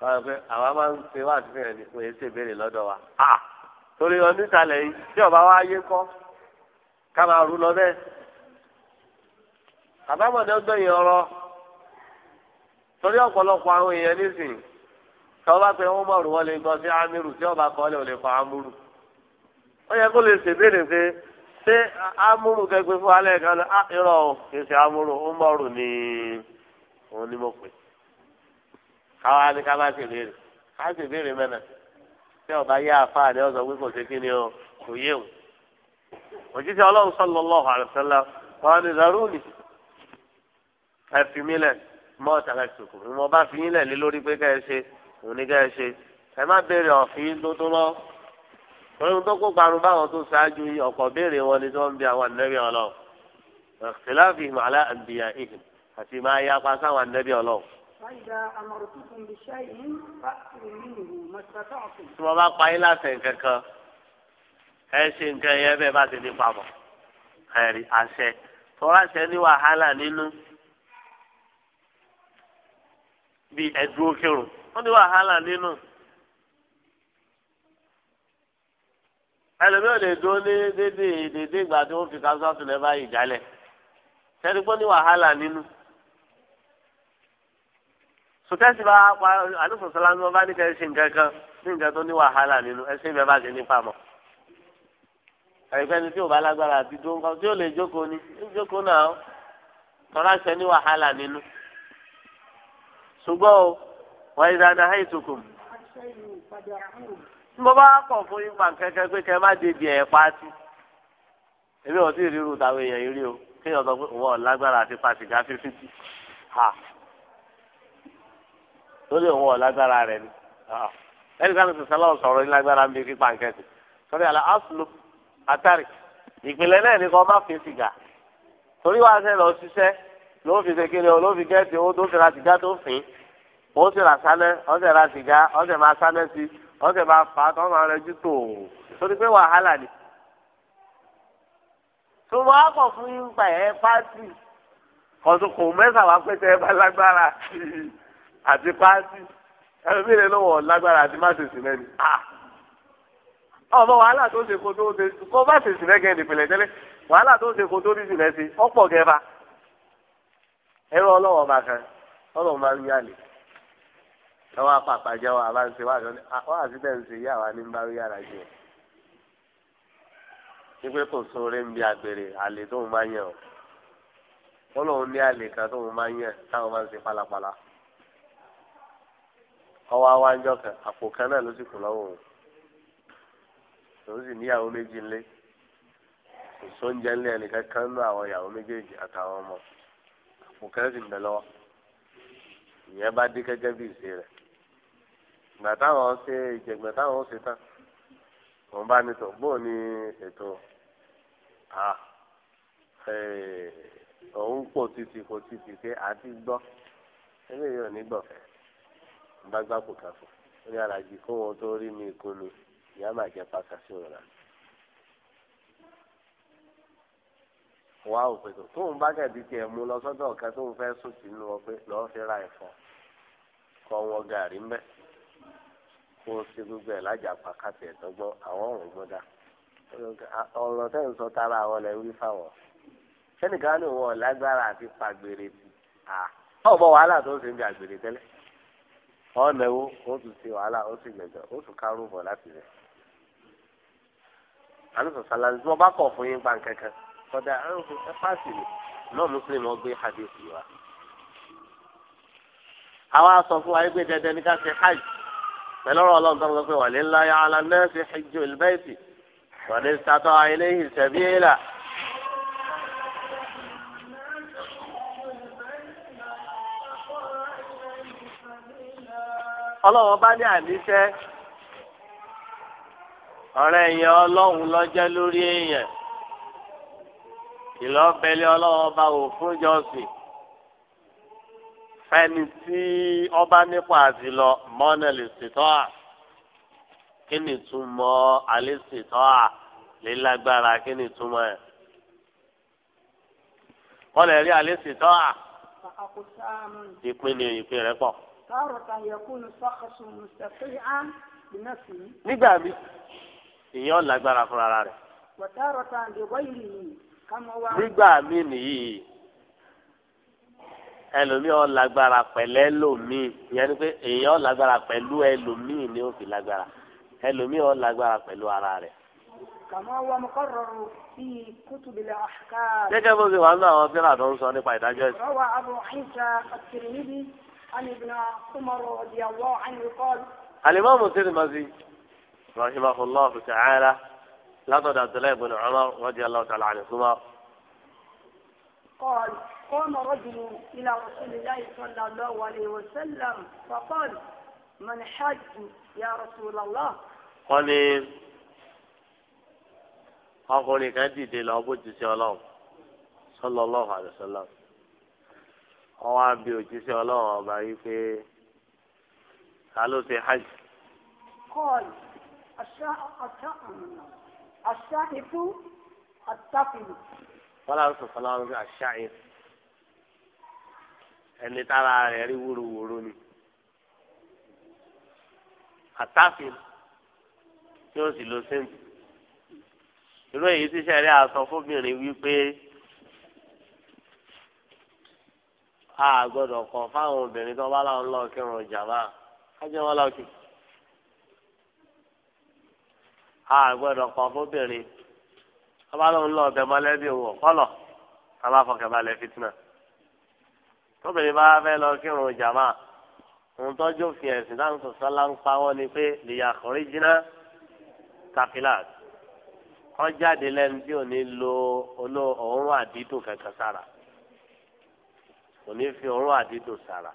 wọn pé àwa máa ń ṣe wá àti fìyàn ní pé èsì ìbéèrè lọ́dọ̀ wa torí onísàlẹ̀ yìí tí ọba wa yé kọ ká máa rú lọ bẹ́ẹ̀ àbámọdé ọgbẹ̀yìn ọ̀rọ̀. torí ọ̀pọ̀lọpọ̀ àwọn èèyàn nísìnyí tí wọ́n bá pe wọ́n mọ̀rù wọn gbọ́ sí amírù tí wọ́n bá ò lè fa amúrù ó yẹ kó lè ṣèbéèrè pé ṣé amúrù kẹgbẹ́ fún alẹ́ kan ah, irọ́ o kì í ṣe amúrù ó mọ̀rù ní òun ni mo pè káwa ni ká bá ṣèbéèrè ká ṣèbéèrè mẹ́nà tí ọba ọ̀sán kò ṣe kí ni o kò yé mọ́ tàlàkùkù ni mo bá fi yín lẹ̀ lé lórí pé ká ẹ ṣe òun ni ká ẹ ṣe ẹ má béèrè ọ̀fìn tó tó lọ. Òun tó kó parun báwọn tó ṣáájú yìí ọ̀pọ̀ béèrè wọn ni tó ń bi àwọn ànẹ́bí ọlọ́run. Ìṣẹ̀láfihàn alẹ́ àǹbìyà ìhìn àti máa ya pa sáwọn ànẹ́bí ọlọ́run. Tí wọ́n bá pa yín láti nǹkan kan, ẹ ṣe nǹkan yẹn bẹ́ẹ̀ bá ti ní pamọ́. Ẹ̀rí àṣẹ. Tọ́lá ṣẹ ní wàhálà nínú bí ẹ̀dúró kírun wọ́n ti wàhálà nínú. ẹlòmíràn lè dúró ní dédé dédé ìgbà tí wọ́n fi kásátù lẹ́ báyìí jálẹ̀ sẹ́ni pé ní wàhálà nínú. sùtẹ́sì bá pa àlùfòsọ́lá ní wọ́n bá ní kẹ́sì nǹkan kan ní nǹkan tó ní wàhálà nínú ẹsẹ̀ ìbẹ́ bá ti ní pamọ́. àyùkẹ́ni tí ò bá lágbára àti dúró nǹkan tí ò lè jókòó ní jókòó náà tọ́lá ṣẹ ní wàhálà nínú. ṣùgbọ́n o wọ́n yìí dáadáa hẹ́yì tukùn. tí mo bá kọ̀ fún yín pa kẹ́kẹ́ pé kẹ́ má débi ẹ̀ pátì èmi ò tí ì ríru o kéèyàn sọ pé òun ò àti ha lórí òun ò rẹ rẹ̀ ni ẹnì kan ti sẹ́lọ̀ sọ̀rọ̀ lágbára sọ́rí àlọ́ àtàrí náà kò má fi sìgá torí ló fi ṣe kiri ló fi gẹ́ẹ̀tì owó tó fi sìgá tó fìn ó sì ra sálẹ̀ ó sì ra sìgá ó sì máa sálẹ̀ sí ó sì máa fà á tó máa rẹjú tó o torí pé wàhálà ni. tó wọ́n á pọ̀ fún yínpa ẹ̀ pàṣì kò mẹ́sà wá pé ẹ bá lágbára àti pàṣì ẹlòmíì lè lọ́wọ́ lágbára àti má ṣe sílẹ̀ ni. ọmọ wàhálà tó ṣe kó tó ṣe kó bá ṣe sílẹ̀ gẹ́gẹ́ nípìnlẹ̀ tẹ́lẹ̀ wàhálà tó ṣe kó tó rí sílẹ̀ sí ọ̀pọ̀ gẹ́fà. ẹ̀rọ ọlọ́wọ́ bá kan ọlọ́wọ́ máa ń yálè ẹwà pàpà jẹ́ wà bá ń ṣe wà àti bẹ́ẹ̀ ń ṣe yá wa ní bá yára jẹ́ wípé kò sóore ń bi àgbèrè àlè tóun máa yàn ọ́ o lòun ní àlè kan tóun máa yàn táwọn máa ń ṣe pálapàla ọwọ́ kan àpò kan náà ló sì kù lọ́wọ́ sì níyàwó méjì mùkẹ́rì ń bẹ lọ́wọ́ ìyẹn bá dé gẹ́gẹ́ bí ìṣe rẹ̀ ìgbà táwọn ṣe ìjẹ̀gbà táwọn ṣe tán wọ́n bá ní tọ̀ bóò ní ètò à eh, òun pò títì kò títì pé àti gbọ́ eléyìí ò ní gbọ̀fẹ́ ń bá gbàpò kàfọ́ ó ní alájì kó wọn tó rí mi kú ni ìyá màjẹ pàṣẹ sí òun náà. wàá ò pẹ̀tọ̀ tóun bá kẹ̀dí tiẹ̀ mú lọ sọ́dọ̀ ọ̀kẹ́ tóun fẹ́ sùn sí inú fi ra wọn gàrí kó o ṣe gbogbo ẹ̀ lájà pàkàtì ẹ̀dọ́gbọ́n àwọn ọ̀rọ̀ gbọ́dá ọ̀rọ̀ tẹ́ ń sọ tara àwọn lẹ́ wí fáwọn sẹ́nìkan ní wọn lágbára àti pàgbèrè tì à ọ̀ bọ̀ wàhálà tó ṣe ń bí àgbèrè tẹ́lẹ̀ ọ̀nà ó tún ṣe wàhálà ó sì ó tún kárùn bọ̀ láti rẹ̀ tí wọ́n bá kọ̀ fún yín pa kọ̀dà àrùn ẹ pàṣẹ náà muslim ọgbẹ́ hadith wa. àwa sọ fún wa ẹgbẹ́ dandan ní ká ṣe hajj pẹ̀lú ọ̀rọ̀ ọlọ́run tó ń sọ pé wà lè láyà ala nẹ́ẹ̀sì hajj olùbẹ́ẹ̀sì wà lè sàtọ̀ àìlẹ́yìn sẹ̀bíyìlà. ọlọ́run bá ní àníṣe ọ̀rẹ́ yẹn ọlọ́run lọ́jẹ́ lórí èèyàn ìlọ́bẹ̀lẹ̀ ọlọ́wọ́ bá wò fún jọ́sìn fẹ́ni tí ọba nípa àti lọ mọ́nà lè ṣètọ́ à kí ni túmọ̀ alẹ́ ṣètọ́ à lè lágbára kí ni túmọ̀ ẹ̀ wọ́n lè rí alẹ́ ṣètọ́ à ìpín ni ìpín rẹ̀ pọ̀. nígbà mi ìyẹn ò lágbára fúnra rẹ̀. wọ́n tààrọ̀ tàn dé wáyé nìyí nígbà míì nìyí ẹlòmíì ó lágbára pẹ̀lẹ́ lòmíì ìyẹn ni pé èèyàn ó lágbára pẹ̀lú ẹlòmíì ni ó fi lágbára ẹlòmíì ó lágbára pẹ̀lú ara rẹ̀. gẹ́gẹ́ bó ṣe wà nínú àwọn tíra tó ń sọ nípa ìdájọ́ ẹ̀sìn. rọwà Abu Isa at-Tirmidhi an ibn Umar radiyallahu anhu qala. alimami Tirmidhi rahimahullah ta'ala látọ̀dọ̀ Abdullahi ibn Umar radiyallahu ta'ala anhuma. قال قام رجل إلى رسول الله صلى الله عليه وسلم فقال من حج يا رسول الله wọ́n ní ọkùnrin kan dìde lọ bójúṣe ọlọ́run sallallahu alaihi wasallam wọ́n wá bí òjíṣẹ́ ọlọ́run ọba yìí pé ta ló ṣe hajj. kọ́ọ̀lù àṣà àṣà àmì náà aṣáhìtú àtàkùnrin. wọ́n láwọn sọ fọlá wọn bí aṣáhìtú ẹni tára rẹ̀ rí wúrowúro ni àtàkùnrin tí ó sì lọ sẹ́ńtì irú èyí tí sẹ́rí àsọ fóbìnrin wípé a gbọ́dọ̀ kọ̀ fáwọn obìnrin tó bá láwọn lọ́ọ̀kẹ́rùn-ún jàmáà á jẹ́ wọn lọ́ọ̀kẹ́rùn. a gbọ́dọ̀ kọ fóbìnrin ọba ló ń lọ ọbẹ mọ̀lẹ́bí owó ọkọlọ ọba fitna. fitinà tóbìnrin bá fẹ́ lọ kírun jàmá ohun tọ́jú fi ẹ̀sìn dáhùn tó sọlá ń pa wọn ni pé lìyà kọrí jiná kapilat kọ jáde lẹ́nu tí ò ní lo olú òórùn àdídùn kankan sára kò ní fi òórùn àdídùn sára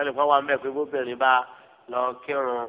ẹnì kan wà ń bẹ pé bóbìnrin bá lọ kírun.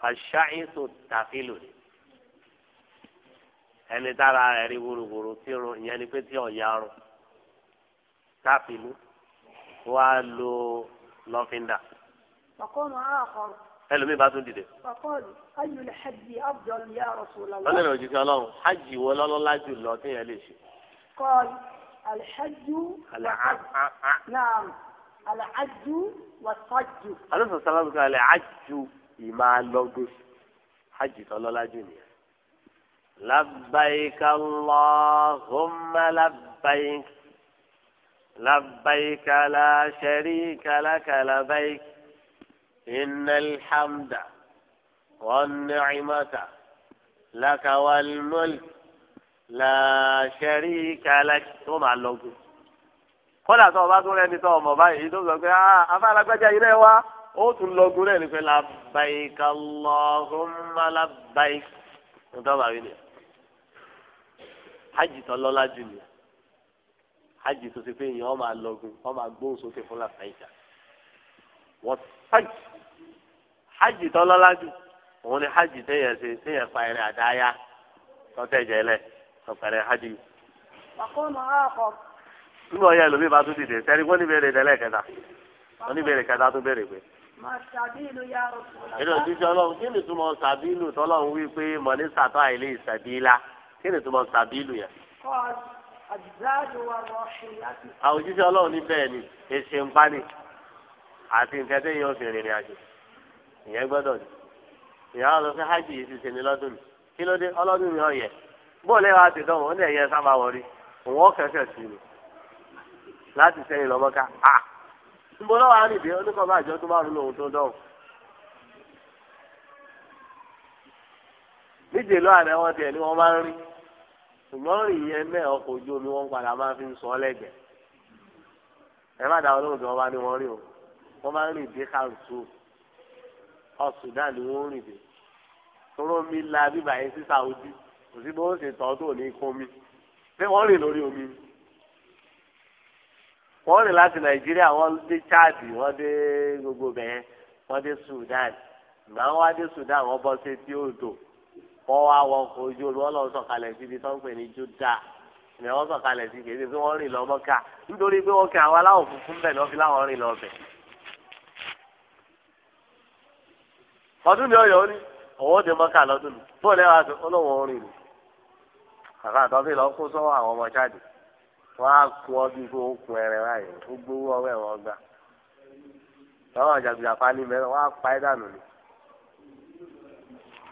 fàṣàìsù tàfílù ni ẹni tára rẹ̀ rí wúruwúru tí irun ìyẹn ni pé tí ọ̀ya rún tàfílù wàá lo lọ́fíńdà. ọkọ̀ọ̀nù àkọ́rọ̀. ẹlòmíì bá tún dìde. ọkọ̀ọ̀nù ayùlẹ̀ hajj afdal ya rasulallah. wọ́n lè rìn òjijì ọlọ́run hajj wo lọ́lọ́lá jù lọ téèyàn lè ṣe. kọ́ọ̀lù alhajju. alhajju. naam alhajju wa alóòsàn sábà bí kò alhajju ìmọ̀ alọ́gbé hajj tọ́lọ́lá jù nìyẹn. labbaik allahumma labbaik labbaik la sharika laka labbaik innal hamda wan ni'mata laka wal mulk la sharika laka tó máa lọ́gbé. kódà tó o bá tún rẹ́ni tó o mọ̀ báyìí tó sọ pé ah, afárágbájá ilé wa. otu tún lọgun náà ní pé labbaik Allahumma labbaik ní dábàá yìí ni hajj tó lọ́lá jù ni hajj tó ti pé èèyàn ọmọ hajj hajj òun ni hajj téèyàn ṣe téèyàn pa ẹrẹ àdáyà tọ́tẹ̀jẹ̀ lẹ̀ hajj. wàkóònù nínú ọ̀yà ẹlòmíì bá tún dìde sẹ́ni wọ́n ní bẹ̀rẹ̀ ìdẹ́lẹ̀ kẹta wọ́n ní kẹta tún pé. nínú òjijì ọlọ́run kí ni túmọ̀ sàbílù tọ́lọ́run wí pé mọ̀ní sàtọ́ àìlè ìsàbílà kí ni túmọ̀ sàbílù yẹn. àwọn òjijì ọlọ́run ní bẹ́ẹ̀ ni èsì ń pani àti nǹkan tẹ́ yẹn ó fi rìnrìn àjò ìyẹn gbọ́dọ̀ ni ìyá ọlọ́run fẹ́ hajj yìí ti ṣe ní lọ́dún mi kí ló dé ọlọ́dún mi ọ̀yẹ̀ bóò lẹ́yìn àti ìdánwò ó ní ẹ̀yẹ sábà wọrí òun ọ̀kẹ́sẹ̀ sí ni láti sẹ́yìn lọ́mọ́ká ah níbo lọ́wọ́ àrídé oníkọ̀ọ́bá àjọ tó bá rún lòun tó dọ̀wọ́. níjẹ̀ lọ́wọ́ àrẹ wọn tiẹ̀ ni wọ́n máa ń rí ṣùgbọ́n rìn yẹn náà ọkọ̀ ojú omi wọn padà máa fi ń sọ lẹ́gbẹ̀ẹ́. ẹ má dáwọn lóhùn tí wọ́n bá ní wọ́n rí o wọ́n máa ń rìn dé kàrùtù ọ̀sùdán ni wọ́n ń rìn dé tóró mi la bíbà yẹn sí Saudi kò sí bó ṣe tọ́ tó ní kó mi pé wọ́n rìn lórí omi mi. wọ́n rìn láti nàìjíríà wọ́n dé chad wọ́n dé gbogbo bẹ́ẹ̀ wọ́n dé sudan ìgbà wọn wá dé sudan wọ́n bọ́ sí etí odò wọ́n wá wọn ojú olú lọ sọ̀kalẹ̀ síbi tó ń pè ní juda ni wọ́n sọ̀kalẹ̀ sí kéde pé wọ́n rìn lọ mọ́kà nítorí pé wọ́n kẹ́ àwọn aláwọ̀ funfun bẹ̀ láwọn rìn lọ bẹ̀. ọdún ni ọyọ ni ọwọ́ mọ́kà lọ́dún ni bóòlù ẹ̀ wá sọ ọlọ́wọ́ rìn lọ wọn á kú ọ bí kó kun ẹrẹ báyìí ó gbowó ọwọ́ ẹ gbà lọ́wọ́ àjàgbìlà pani mẹ́rin wọn á pa ẹ dànù ni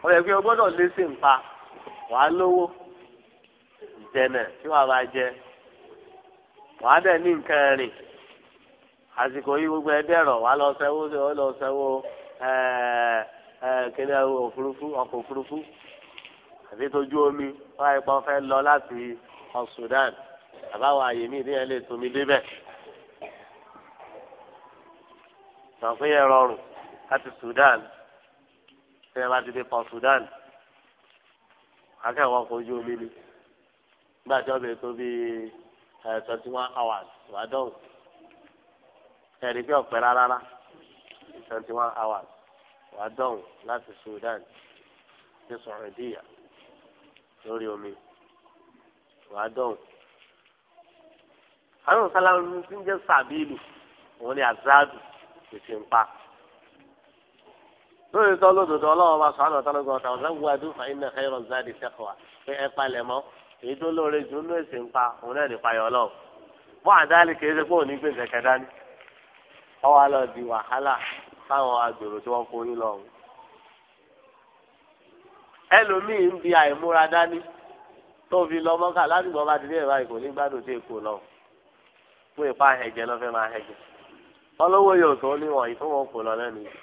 wọn yẹ kí o gbọ́dọ̀ lé nǹpa wà á lówó ìjẹnẹ tí wàá bá jẹ wà á dẹ ní nǹkan rìn àsìkò yìí gbogbo ẹ dẹ̀rọ̀ wà á lọ sẹwó ó lọ sẹwó ẹẹ ẹ kéde òfurufú ọkọ̀ òfurufú àti tójú omi wọn àìpọn fẹ́ lọ láti ọ Sudan àbáwọn àyè mi ìdíyẹn lè tún mi débẹ̀ sọ̀fún yẹn rọrùn láti Sudan tí ẹ bá ti dé pọ̀ Sudan akẹ́wọ̀n ọkọ̀ ojú omi ni nígbà tí wọ́n bẹ̀rẹ̀ tó bí twenty one hours wàá dọ̀wọ̀ ẹ̀rí pé ọ̀pẹ́ rárá twenty one hours wàá dọ̀wọ̀ láti Sudan ní Saudiya lórí omi wàá dọ̀wọ̀. àwọn sálárù ní ti ń jẹ́ sàbílù òun ni azadu tètè ń pa. lórí tó lódodo ọlọ́wọ́ bá sọ̀rọ̀ tó lọ́gọ́ ọ̀tà ọ̀sán wúwa iná ẹ̀rọ pé ẹ palẹ̀ mọ́ èyí tó lóore jù ń ń pa òun náà nípa yọ̀ lọ́wọ́. ṣe pé gbèsè kẹta ni di wàhálà fáwọn agbèrò tí wọ́n forí lọ. ẹlòmíì ń bi àìmúra dání tó fi lọ mọ́kà fún ìpa ahẹ̀jẹ̀ lọ́fẹ́ máa hẹ̀jẹ̀ ọlọ́wọ́ yóò tó níwọ̀n yìí tó wọ́n kò lọ lẹ́nu yìí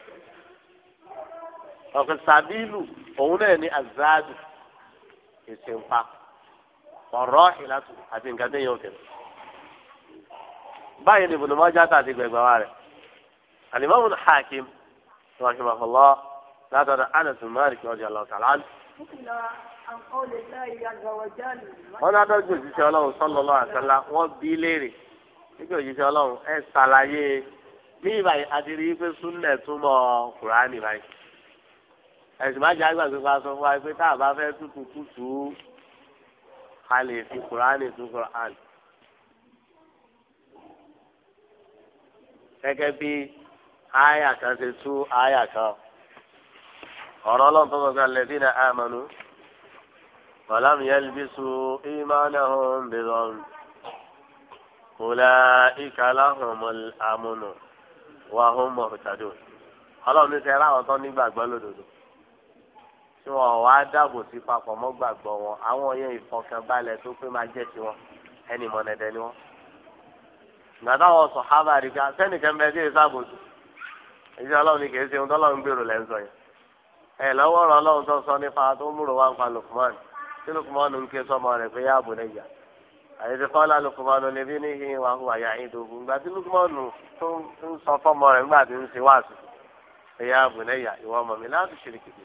ọ̀kẹ́ sàbílù òun náà ní azadu ìsìnpa ọ̀rọ̀ ìlàtù àti nǹkan tẹ́yìn òkè báyìí ni ibùdó mọ́jà tà àti gbẹ̀gbẹ̀ wa rẹ̀ alimami hakim rahimahullah látọ̀dọ̀ anas malik radiyallahu ta'ala anhu wọ́n náà dọ́jú òṣìṣẹ́ ọlọ́run sallallahu alaihi wasallam wọ́n bí léèrè níbi òjíṣẹ́ ọlọ́run ẹ ṣàlàyé ní ìbàyí adìrí pé súnlẹ̀ túmọ̀ kùránì báyìí ẹ̀sìn májà gbàgbé pa sọ fún wa pé tá a bá fẹ́ tútù tútù a lè fi kùránì tún kùránì. gẹ́gẹ́ bí àyà kan ṣe tú àyà kan ọ̀rọ̀ ọlọ́run tó gbọ́dọ̀ lẹ́sìn náà àmọ́nú. wàlámù yẹn lè bí su ìmọ̀ náà ń bẹ̀rọ̀ ọ̀run ulaika lahumul amnu wa hum muhtadun ọlọ́run ní sẹ́yìn láwọn tó nígbàgbọ́ lódodo tí wọn wá dáàbò sí papọ̀ mọ́ gbàgbọ́ wọn àwọn yẹn ìfọkànbalẹ̀ tó pé máa jẹ́ tiwọn ẹni mọ̀nẹ́dẹ́ ni wọn. ìgbà táwọn sàhábà rí ká sẹ́nìkan bẹ́ẹ̀ dé ìsàbòsù ìṣe ọlọ́run ní kìí ṣe ohun tọ́lọ́run gbèrò lẹ́ ń sọ yẹn. ẹ àyẹ̀dẹ̀ kọ́lá lukumanu lèbi níhi wà hù àyà ìdògùn ìgbà tí lukumanu tó ń sọ fọmọ rẹ̀ ńgbà tí ń ṣe wáàsù ẹ̀yà ìwọ ọmọ mi láti ṣe kìkì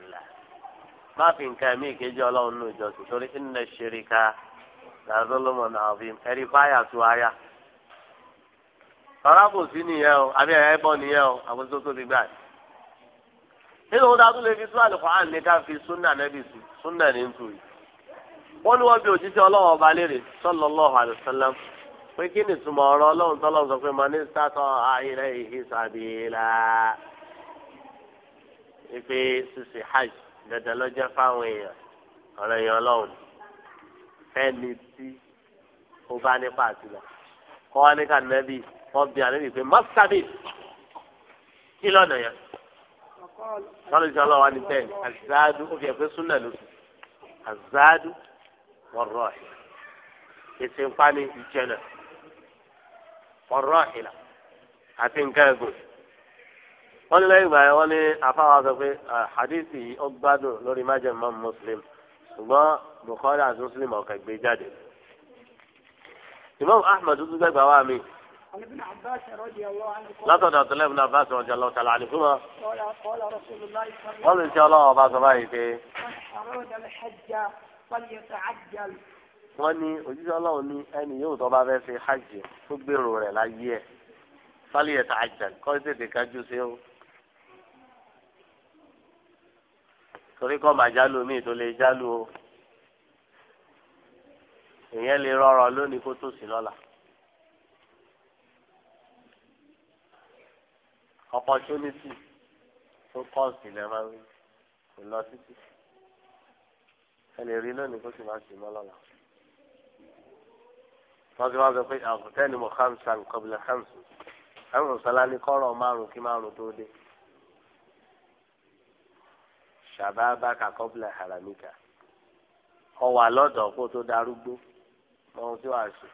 má fi nǹkan mí ìkejì ọlọ́run nù ìjọsìn torí inna ṣerika làzọlọmọ náà fi ẹ̀rí fáyà aya kò sí nìyẹn o àbí ẹ̀yà nìyẹn o tó ti gbà nínú wọ́n ní wọ́n bí òjíṣẹ́ ọlọ́wọ́ ọba léèrè sallallahu alaihi wasallam pé kí ni ìtumọ̀ ọ̀rọ̀ ọlọ́run tọ́lọ́ sọ pé màní sátọ̀ àìrẹ́ ìhí sàbílà ìpè ṣíṣe hajj dandan lọ́jọ́ fáwọn èèyàn ọ̀rọ̀ èèyàn ọlọ́run fẹ́ni tí ó bá nípa àtìlọ́ kọ́ wá ní kànẹ́bí wọ́n bí ànẹ́bí pé mọ́sábì kí lọ́nà yẹn tọ́lọ́ ìṣọ́lọ́wọ́ ni bẹ́ẹ̀ àzáàdù ó fi ẹ̀ súnà lóṣù àzáàdù والراحلة يسنقاني الجنة والراحلة àtìǹkẹ́gùn wọ́n ní lẹ́yìn ìgbà yẹn wọ́n ní afáwa sọ pé hadithi ó gbádùn lórí májèmọ́ muslim ṣùgbọ́n bukhari àti muslim ọ̀kẹ́ gbé jáde. imam ahmed tún gbẹgbẹ wa mi. látọ̀dọ̀ tó lẹ́yìn náà bàtà ọjà lọ́ta láàrin fún wa. wọ́n lè ṣe ọlọ́wọ́ bá sọ báyìí pé wọ́n ní òjíṣẹ́ ọlọ́run ní ẹni yóò tó bá fẹ́ ṣe hajj tó gbèrò rẹ̀ láyé ẹ̀ fálíyẹ̀ tààjà kọ́ tètè kájú sí ó. torí kọ́ máa jálù míì tó lè jálù o èèyàn lè rọrọ lónìí kó tó sí lọ́la. opportunity tó kọ́ sílẹ̀ máa ń lọ ẹni rí lónìí kó sì máa sì mọ́ lọ́la. wọ́n ti wá sọ pé àkùtẹ́ni mo hamsa nkọ́bìlẹ̀ hamsa hamsa sọlá ní kọ́rọ̀ márùn kí márùn tó dé. ṣàbábà kàkọ́bìlẹ̀ haramika ọwà lọ́dọ̀ kó tó darúgbó mọ ohun tí wàá ṣe.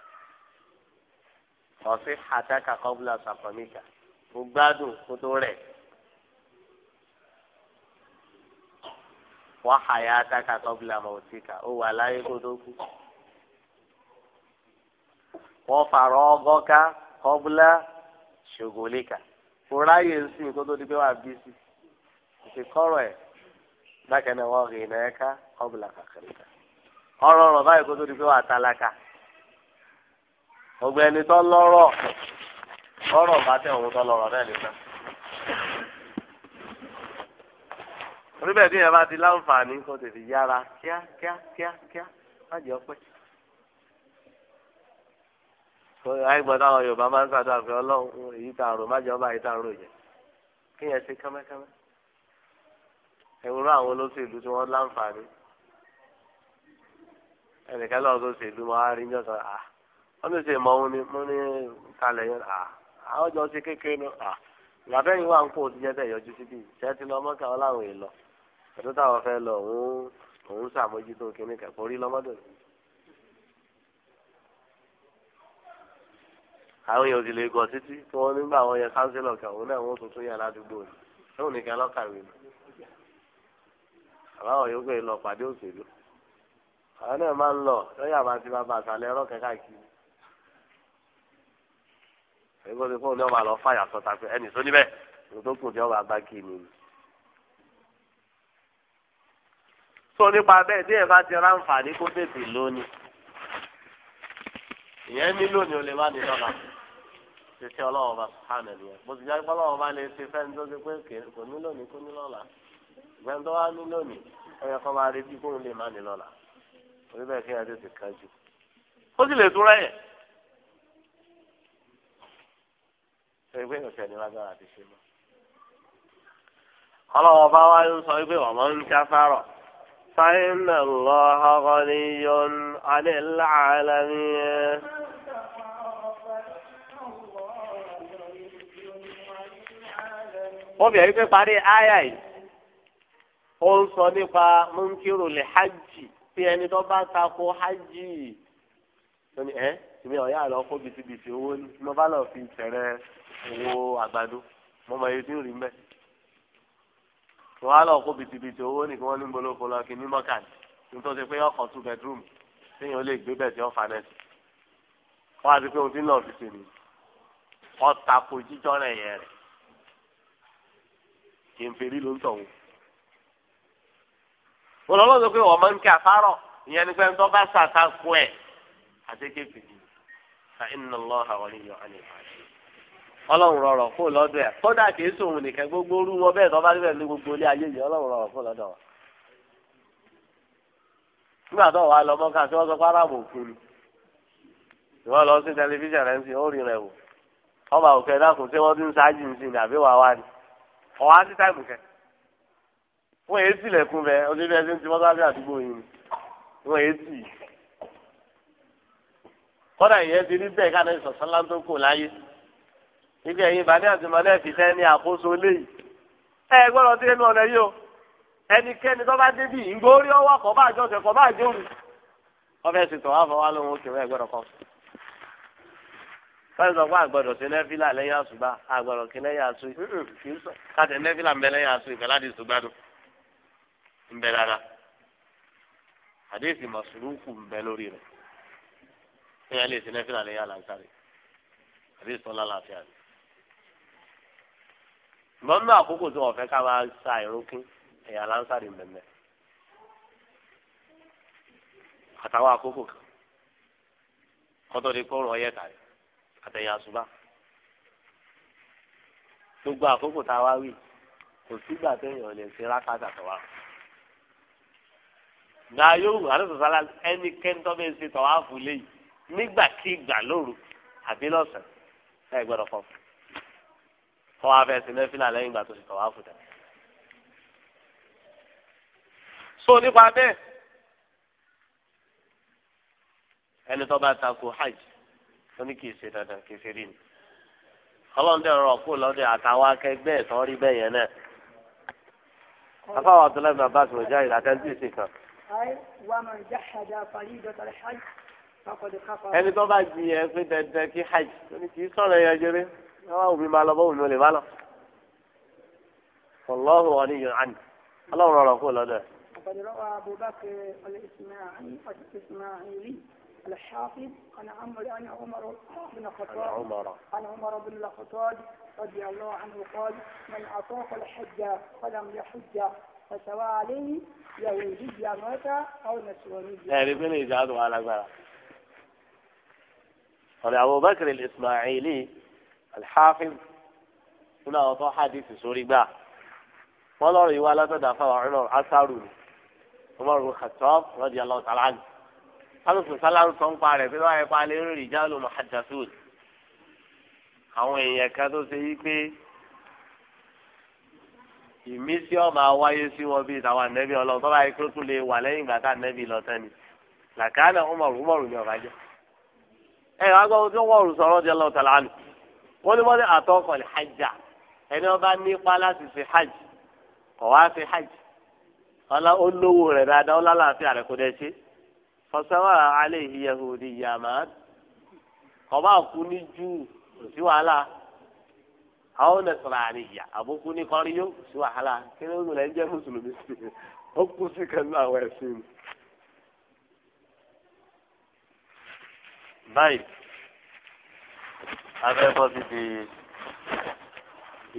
ọ̀sìn àtàkà kọ́bìlẹ̀ sàkọ́míkà mo gbádùn kó tó rẹ̀. wọ́n àyà àtàkà kọ́bílà mọ̀tíkà ó wà láyé kó tó kú. wọ́n fàrọ̀ ọgọ́ká kọ́bílà ṣògòlíkà kò ráyè ń sìn kó tó di pé wà bí sí ìṣe kọ́rọ̀ ẹ̀ bákan náà wọ́n rìn náà ká kọ́bílà kàkàríkà ọ̀rọ̀ ọ̀rọ̀ báyìí kó tó di pé wà tálákà ọ̀gbẹ́ni tó lọ́rọ̀ ọ̀rọ̀ bá tẹ̀ òun tó lọ́rọ̀ náà nìkan. oníbẹ̀ bí yẹn bá ti láǹfààní kó tètè yára kíá kíá kíá kíá má jẹ́ ọpẹ́. àìgbọ́n táwọn Yorùbá máa ń sàdúrà pé ọlọ́run èyí tá a rò má jẹ́ ọba èyí tá a rò jẹ́ kí yẹn ṣe kẹ́mẹ́kẹ́mẹ́. ẹ̀wúrọ àwọn olóṣèlú tí wọ́n láǹfààní ẹnìkan lọ́wọ́ tó ṣe ìlú máa rí jọ́sọ̀ à wọ́n ní ṣe mọ́ ní mú ní kalẹ̀ yẹn à àwọn jọ ṣe kékeré nù à làbẹ́yìn wà ń kó òtún jẹ́tẹ̀ yọjú síbi ṣẹ́ẹ́tì lọ́mọ́kà ọláwìn lọ ọdún táwọn fẹ́ lọ òun òun ṣàmójútó kínní kẹ̀kọ́ rí lọ́mọdún. àwọn èèyàn sì lè gọ̀ títí tí wọ́n nígbà wọn yẹ kánsílọ̀ kan òun náà wọ́n tuntun yà ládùúgbò ni tóun nìkan lọ́kàwé ni. àbáwọ̀ yóò gbé lọ pàdé òṣèlú. àwọn náà máa ń lọ lọ́yà máa ti máa bàtà lẹ́rọ̀ kẹ́kẹ́ kiri ẹgbẹ́ mi fún mi ọba lọ fàyà sọta pé ẹnì sóní mo tó kù ní ọba bá kí mi tó nípa bẹ́ẹ̀ bí ẹ bá ti ráǹfààní kó tètè lónìí ìyẹn nílò ni o lè má ní lọ́la ṣiṣẹ́ ọlọ́wọ́ bá sùhánà nìyẹn bó ti jáde pọ́lọ́wọ́ bá lè ṣe fẹ́ni فإن الله غني عن العالمين wọ́n bẹ̀rẹ̀ pé parí àyà yìí ó ń sọ nípa múnkírù lè hajj tí ẹni tó bá takò hajj tó ní ẹ́ ìmí ọ̀yá lọ bisibisi owó ní mo bá lọ fi tẹ̀rẹ̀ owó àgbàdo mo mọ tí wọ́n á lọ kó bìtìbìtì owó nìkan wọ́n ní gbolóko lọ kí ní mọ́kàn nítorí pé ọkọ̀ two bedroom téèyàn lè gbé bẹ̀ tí wọ́n fa nẹ́ẹ̀sì wọ́n á ti pé ohun tí ń lọ fi ṣe nìyí wọ́n tako jíjọ́ rẹ̀ yẹn rẹ̀ kì í fèrè ló ń tọ̀wọ́. olólùsọ pé wọ́n máa ń kí afárọ̀ ìyẹn ni pé ń tọ́ bá ṣàtàkùn àti kékeré fa inna Allaha waliyyu àníbàdàn. ọlọ́run rọrọ̀ kó lọ́dọ̀ ẹ̀ kódà kìí sòun nìkan gbogbo orú wọn bẹ́ẹ̀ tó bá níbẹ̀ ní gbogbo ilé ayé yìí ọlọ́run rọrọ̀ lọ́dọ̀ nígbà tó lọ mọ́ká tí wọ́n sọ fárá kú ni lọ sí tẹlifíṣàn ń sìn wò ọba òkè dákun tí wọ́n ti ń ṣáájì ń sìn ní ibi ẹ̀yin bani àtìmọ́lẹ̀ fìfẹ́ ní àkóso léyìí ẹ gbọ́dọ̀ tí ẹnu ọ̀nà yìí o ẹnikẹ́ni tó bá débi ìgbórí ọwọ́ kọ́ bá àjọṣe kọ́ bá àjọrù ọfẹ́ sì tọ́ wá fọwọ́ lóhun òkè wẹ́ẹ̀ gbọ́dọ̀ kọ́ fẹ́ẹ́ sọ àgbọ̀dọ̀ sí nẹ́fílà lẹ́yìn àṣùbà àgbọ̀dọ̀ kí lẹ́yìn àṣù kàtẹ́ nẹ́fílà ń bẹ lẹ́yìn àṣù ìfẹ́ láti ṣùgbádùn ń bẹ rárá àdéhìsì mọ̀sùlùkù ń bẹ lórí rẹ̀ fẹ́ẹ́ lè sí nẹ́fílà lẹ́yìn àlàǹsàrè àdéhìsì ọlá làáfíà rẹ̀. ṣùgbọ́n nínú àkókò tí wọ́n fẹ ká máa sa ìrúnkín ẹ̀yà lansari mẹ́mẹ́ àtàwọn àkókò kan kọ́tọ́ di kọ́rùn ọyẹ kàrí àtẹ̀yìn àṣùbà gbogbo àkókò tá a wá wí kò sígbà téèyàn lè ṣe rákàtà tó wà. gba yóò ẹni ṣe kọ́ wa fẹ́ sin nẹ́fìlà lẹ́yìn ìgbà tó ti tọ̀ wá fùdà. so nípa bẹ́ẹ̀ ẹni tó bá takò hajj ó ní kì í ṣe dandan kì í ṣe rí ni ọlọ́run dẹ̀ rọ̀ kó lọ́dẹ̀ àtàwọn akẹgbẹ́ ẹ̀ tán rí bẹ́ẹ̀ yẹn náà afáwọn abdullahi bin abbas ló jáde àtẹ́ntì sí kan. ẹni tó bá jiyàn pé dandan kí hajj ó ní kì í sọ̀rọ̀ yẹn jẹrẹ. أو بما máa من bóun ló lè má lọ. Allahu ghaniyun anhu ọlọ́run وقد روى أبو بكر الإسماعيلي الإسماعيلي الحافظ عن عمر عن عمر بن الخطاب عن عمر بن الخطاب رضي الله عنه قال من أطاق الحج فلم يحج فسواء عليه يهودية مات أو نصراني. من إجازة على ذلك. أبو بكر الإسماعيلي alḥafin هنا àwọn tó hadithi sórí gbà wọn lọrọ ìwà alátọdà fáwọn ọrọ asaru Umar bin الله تعالى ta'ala anhu alùpùpù sálárù tó ń pa rẹ pé wáyé pa lè rìn rijalu muhaddathun àwọn èèyàn kan tó ṣe yí pé ìmísí ọmọ wáyé sí wọn bíi tàwọn ànẹ́bí ọlọ́run tó bá yẹ kó tún lè wà lẹ́yìn ìgbà tá ànẹ́bí lọ ni làkàánà Umar Umar ni ọ̀gájẹ́ ẹ̀ wá gbọ́ tí wọ́n rù sọ̀rọ̀ jẹ́ lọ́tàlá nù wọ́n ní wọ́n ní àtọ́kọ̀ ní hajjá ẹni ọba nípa láti ṣe hajj kọ̀ wá ṣe hajj ọlá olówó rẹ̀ dáadáa ọlá láàfin rẹ̀ kò dẹ̀ ṣe fọsẹ́wọ́n alẹ́ yahudi yamad kọ̀ bá kú ní júù kò sí wàhálà àwọn nasarani yà àbúkú ní kọ́ríyó kò sí wàhálà kí ló ń lọ ẹ mùsùlùmí sí <laughs> ó kú sí kan àwọn ẹ̀sìn. báyìí abẹ́ bọ́ síbi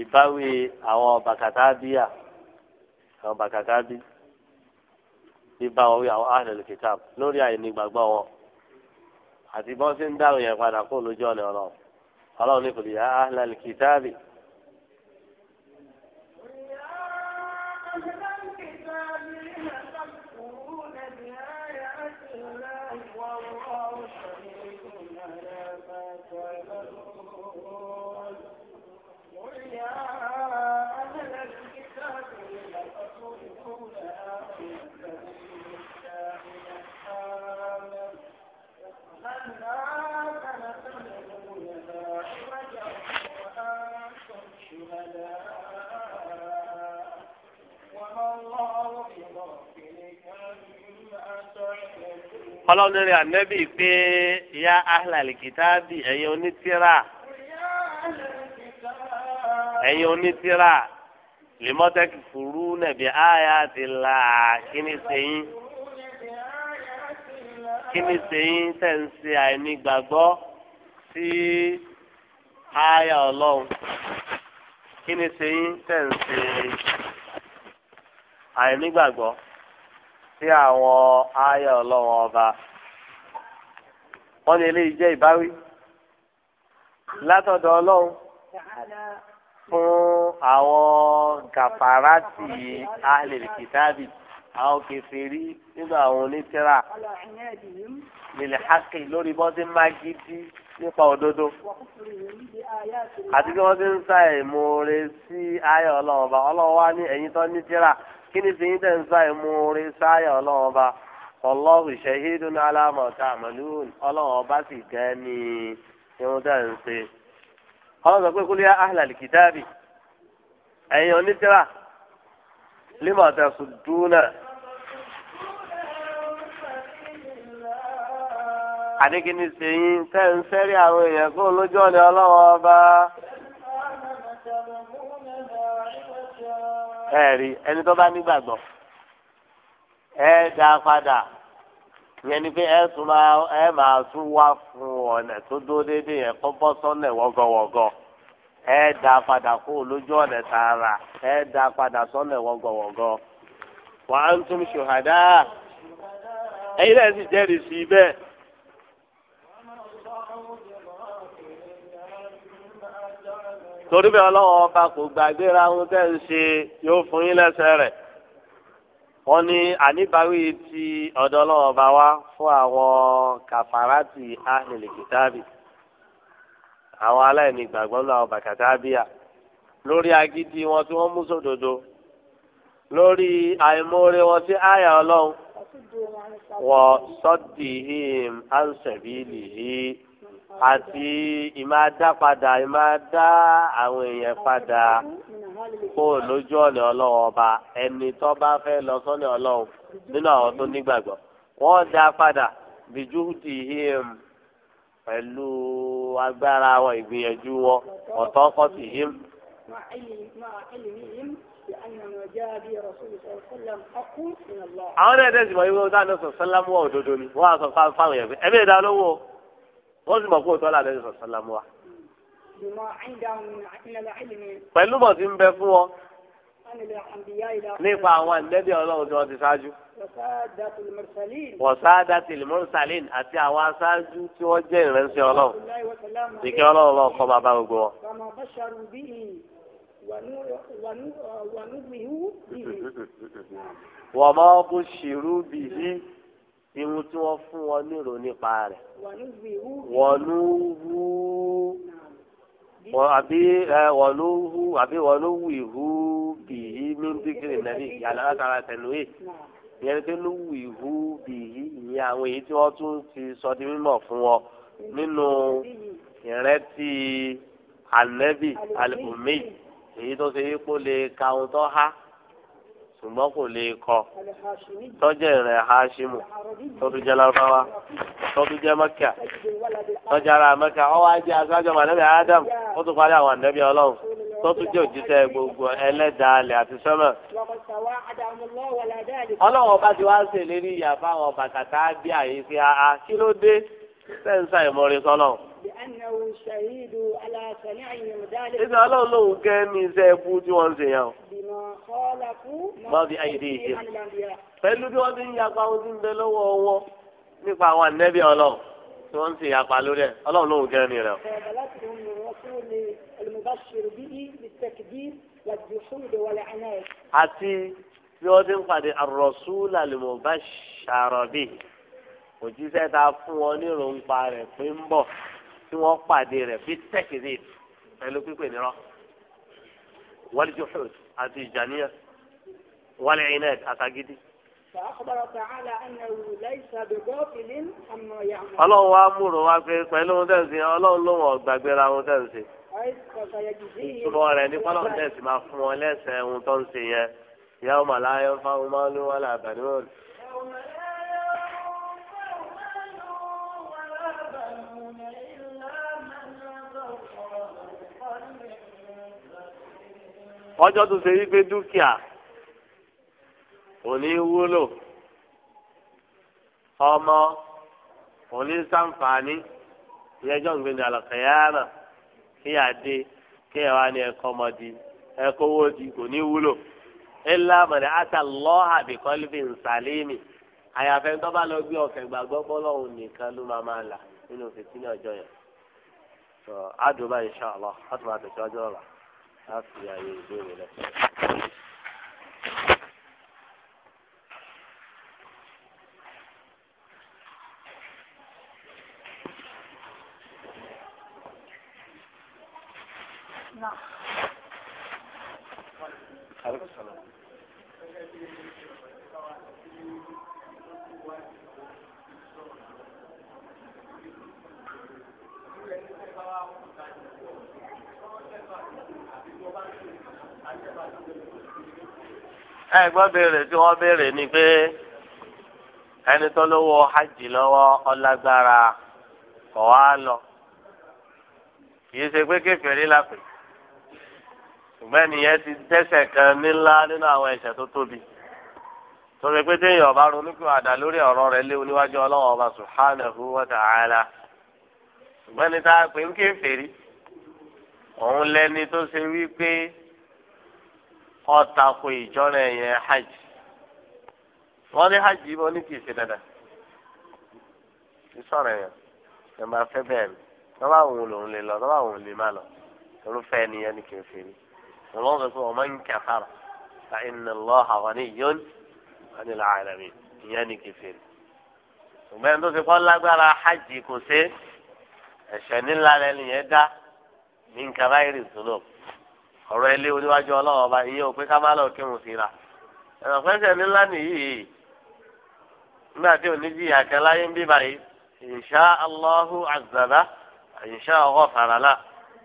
ìbáwí àwọn bàkàtà bíyà àwọn bàkàtà bí bíbá wọn wí àwọn ahlul kitab lórí àìní gbàgbọ́ wọn àti bọ́n sí ń dáhùn yẹn padà kó lójú ọ̀nà ọlọ́run ọlọ́run ní kò lè yá ahlul kitabi. ọlọ́run rẹ̀ ànẹ́bì pé ya ahlàlì kìtàbì ẹ̀yin onítìrà ẹ̀yin onítìrà lèmọ́tẹ́kì fúrú nàbí àyà ti là kíní sẹ́yìn kíní sẹ́yìn tẹ̀sí àìní gbàgbọ́ sí àyà ọlọ́run kíní sẹ́yìn tẹ̀sí àìnígbàgbọ́ sí àwọn ààyè ọlọ́wọ́n ọba wọ́n ní eléyìí jẹ́ ìbáwí látọ̀dọ̀ ọlọ́run fún àwọn gàfàràtì àlèkìtàbì àwọn kẹfẹ́rí nínú àwọn onítìrà lílẹ̀ hákì lórí bọ́sí mágídí nípa òdodo àti bí wọ́n ti ń sa ìmoore sí ayọ̀ ọlọ́run ọba ọlọ́run wá ní ẹ̀yìn tó ní tírà. kini ni sèyí tẹ̀ ń sá ìmúre sáyà ọlọ́run ọba ọlọ́run ìṣẹ́hídùn ní alámọ̀ tá a mọ̀lú ọlọ́run ọba sì gẹ́ ní irun tẹ̀ ń ṣe. ọlọ́run sọ pé kúlíà ahlal kìtàbì ẹ̀yin onítìrà lima tẹ̀sùn dúnà. àdékiní sèyí tẹ̀ ń sẹ́rí àwọn èèyàn kó lójú ọ̀nà ẹ̀rí ẹni tó bá nígbàgbọ́ ẹ dá padà yẹn ni pé ẹ tún máa ẹ máa tún wá fún ọ̀nà tó dó déédéé yẹn sọ́nà wọ́gọ́wọ́gọ́ ẹ dá padà kó lójú ọ̀nà tààrà ẹ dá padà sọ́nà wọ́gọ́wọ́gọ́ torí bẹ́ẹ̀ ọlọ́wọ́ ọba kò gbàgbéra ohun tẹ́ ń ṣe yóò fún yín lẹ́sẹ̀ rẹ̀ wọ́n ní àníbáwí ti ọ̀dọ̀ ọlọ́wọ́ ọba wá fún àwọn kàfàràtì ahlil kìtàbì àwọn aláìní ìgbàgbọ́ ńlá ọba kàtàbíà lórí agídí wọn tí wọ́n mú sódodo lórí àìmóore wọn sí àyà ọlọ́run wọ́n sọ́dìhìm ansẹ̀bìlì yìí àti ìmáadápadà ìmáadá àwọn èèyàn padà kó lójú ọ̀nà ọlọ́run ọba ẹni tó bá fẹ́ lọ sọ́nà ọlọ́run nínú àwọn tó nígbàgbọ́ wọ́n dá padà bíjú dìhìm pẹ̀lú agbára wọn ìgbìyànjú wọn ọ̀tọ́ kọ́ dìhìm. àwọn ẹ̀dẹ́sì yìí wọ́n dáná sọ̀sọ́lámù ọ̀dọ́dọ́ ni wọ́n á sọ fáwọn èèyàn pé ẹ̀mí ẹ̀dá lówó wọ́n sì mọ̀ kó tọ́lá lẹ́yìn sọ̀sálàmù wa. pẹ̀lú bọ̀ sí ń bẹ fún wọn nípa àwọn ànábì ọlọ́run tí wọ́n ti ṣáájú. wọ̀sáàdá tìlímọ́rùsálìn àti àwọn aṣáájú tí wọ́n jẹ́ ìrẹsẹ̀ ọlọ́run ìkẹ́ ọlọ́run lọ́wọ́ kọ́ bàbá gbogbo wọn. wọ́n mọ́ bó ṣèrú bìí ihun tí wọ́n fún wọn nírò nípa rẹ̀ wọ̀lúwú àbí wọ̀lúwú àbí wọ̀lúwú ìhú bìyí mímíkiri nàbí ìyàlá látara tẹ̀lé ìyẹn pé lówù ìhú bìyí ìyẹn àwọn èyí tí wọ́n tún ti sọ di mímọ̀ fún ọ nínú ìrètí ànẹ́bì alùpùpù èyí tó ṣe é kó lè ka tó há. ṣùgbọ́n kò lè kọ tọ́jẹ́ rẹ̀ haṣimu tọ́tù jẹ́ lárúbáwá tọ́tù jẹ́ mẹ́kà ajé aṣáájú ó tún àwọn ọlọ́run tọ́tù jẹ́ gbogbo ẹlẹ́dàálẹ̀ àti sọ́mọ̀. بأنه شهيد على صنعهم ذلك إذا الله لو كان يزيبو جوان زيان بما خالفوا ما بأيديهم pẹ̀lú bí wọ́n ti ń yapa ohun tí ń bẹ lọ́wọ́ wọn nípa àwọn ànẹ́bí ọlọ́run tí wọ́n ń ti yapa lórí ẹ̀ ọlọ́run lóhùn kẹrin ni rẹ̀. àti bí wọ́n ti ń pàdé àròsúlà lèmọ̀bá ṣàròbí òjíṣẹ́ ta fún wọn ní ìròǹpa rẹ̀ pé ń bọ̀ tí wọ́n pàdé rẹ̀ fi tẹ̀kìdì pẹ̀lú pípé nírọ́ wal juhud àti ìjànìyàn wal inad àtàgídí. ọlọ́run wa múrò wá pé pẹ̀lú ohun tẹ̀sí ọlọ́run ló wọ̀n gbàgbéra ohun tẹ̀sí. ìtumọ̀ rẹ̀ ní pọ́lọ́ tẹ̀sí máa fún wọn lẹ́sẹ̀ ohun tó ń ṣe yẹn yawma la yanfa'u malun wala banun. ọjọ́ tó ṣe wípé dúkìá òní wúlò ọmọ òní sàǹfààní ìyẹjọ́ ìgbéni àlọ́kẹ́yàrá kí àdé kí ẹ wá ní ẹ̀kọ́ ọmọdé ẹ̀kọ́ owó di ní wúlò ńlá mọ̀lẹ́ àtà lọ́hà bìkọ́lífì nsàlẹ́mì àyàfẹ́ tó bá lọ gbé ọ̀fẹ́ gbàgbọ́ bọ́lọ́hùn nìkan ló máa máa là nínú ọjọ́ yẹn. ọ̀la. á fi àyè ìbéèrè lẹ́sẹ̀. ẹ̀gbọ́n béèrè tí wọ́n béèrè ni pé ẹni tó lówó hajj lọ́wọ́ ọlágbára gbara wá lọ kìí ṣe pé kékeré la pè ṣùgbọ́n ẹnìyẹn ti dẹ́ṣẹ̀ kan nílá nínú àwọn ẹ̀ṣẹ̀ tó tóbi torí pé téèyàn bá ronúkú àdá lórí ọ̀rọ̀ rẹ̀ léwu níwájú ọba ṣùgbọ́n tá a pè ń òun lẹni tó ṣe wí pé. ọ̀tàkùn ìjọ́ra ẹ̀yẹ hajj wọ́n ní hajj bọ́ ní kìí ṣe dandan sísọ̀rọ̀ ẹ̀yàn ẹ̀ máa fẹ́ bẹ́ẹ̀ ni lọ́wọ́ àwọn olóhùn lè lọ lọ́wọ́ àwọn olè má lọ irúfẹ́ ẹniyẹn ni kìí ṣe rí ìwọ́n sọ pé ọmọ ń kẹfàrà fa inna Allaha ghaniyyun 'anil 'alamin ìyẹn ni kìí ṣe rí ṣùgbọ́n tó ti kọ́ lágbára hajj kò ṣe ẹ̀ṣẹ̀ nílá lẹ́nu yẹn dá ní nǹkan báyìí rìn sùn ọ̀rọ̀ ilé oníwájú ọlọ́wọ́ ọba iye òpin ká má lọ kírun sí ra ẹ̀rọ fẹ́sẹ̀ ńlá nìyí nígbà tí oníjìyà kan láyé ń bí báyìí ìṣá aláhu àzàdá ìṣá ọwọ́ fàràlà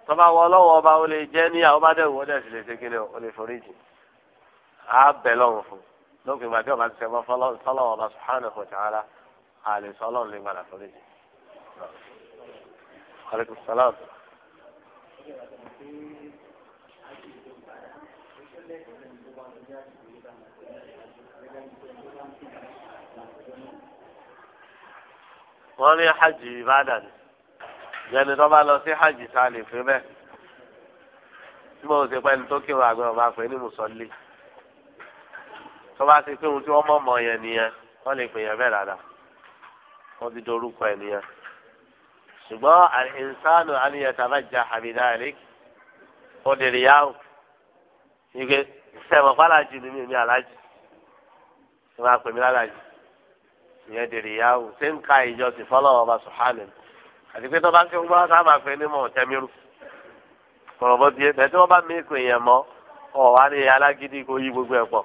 tọ́ba wọ ọlọ́wọ́ ọba ó lè jẹ́ níyà ó bá dẹ̀ wọ́n dẹ̀ sì lè ṣe kí ni ó lè forí jì á bẹ̀ lọ́rùn fún lópin ìgbà tí ọba ti sẹ́wọ́ fọlọ́wọ́ ọba subhanahu wa ta'ala àlè sọlọ́run lè gbàdà forí jì. wọ́n rí hajj ìbàdàn yẹnni tó bá lọ sí hajj tá a lè fi bẹ́ẹ̀ tí mo ṣe tó kí wọn àgbẹ̀ ọba pé ní mùsọ̀lì tó bá ti pé ohun tí wọ́n mọ̀ mọ̀ yẹn nìyẹn wọ́n lè pè yẹn bẹ́ẹ̀ dáadáa wọ́n ti dorúkọ ẹ̀ nìyẹn ṣùgbọ́n àìsàn àníyàn tàbá jà àbídá ẹ̀rí ó dèrè yáwó ìgbé ìyẹn dèrè ya ṣé ń ka ìjọ sì fọlọ́wọ́ ọba sùhánì àti pé tó bá ń kí ń gbọ́ ká máa fẹ́ ní mọ̀ tẹ́mírù kọ̀rọ̀ bó ti bẹ́ẹ̀ tí wọ́n bá mí èèyàn mọ́ ọ̀ wá ní alágídí kò yí gbogbo ẹ̀ pọ̀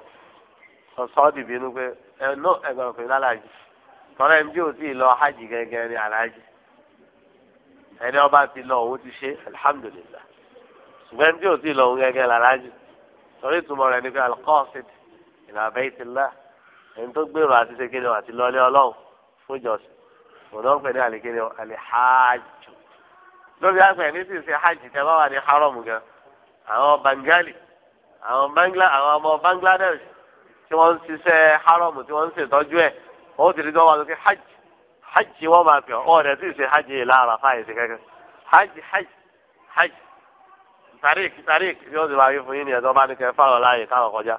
sọ́ọ́ dìbínú pé ẹ̀ nó ẹ̀gbọ́n pé lálàjì tọ́lá ẹni tí ò lọ ti lọ òun ti ṣe alhamdulillah ṣùgbọ́n ẹni tí ò lọ òun gẹ́gẹ́ ẹni tó gbèrò àti ṣe kéde àti lọlé ọlọ́run fún ìjọsìn òun náà ń pè ní àlékéde àléhájù lórí àgbẹ̀ ní ṣe hajj tẹ́ bá wà ní haram gan àwọn Bengali àwọn Bangla àwọn ọmọ Bangladesh tí wọ́n ń ṣiṣẹ́ haram tí wọ́n ń ṣètọ́jú ẹ̀ wọ́n ti rí tí wọ́n wà lókè hajj hajj wọ́n máa pè ọ́ ọ̀rẹ́ tí ì ṣe hajj yìí lára fáyìí ṣe kẹ́kẹ́ hajj hajj hajj tariq tariq yóò ti máa yí fún yín ni ẹ̀dọ́ bá ní kẹ́ fáwọn láàyè káwọn kọjá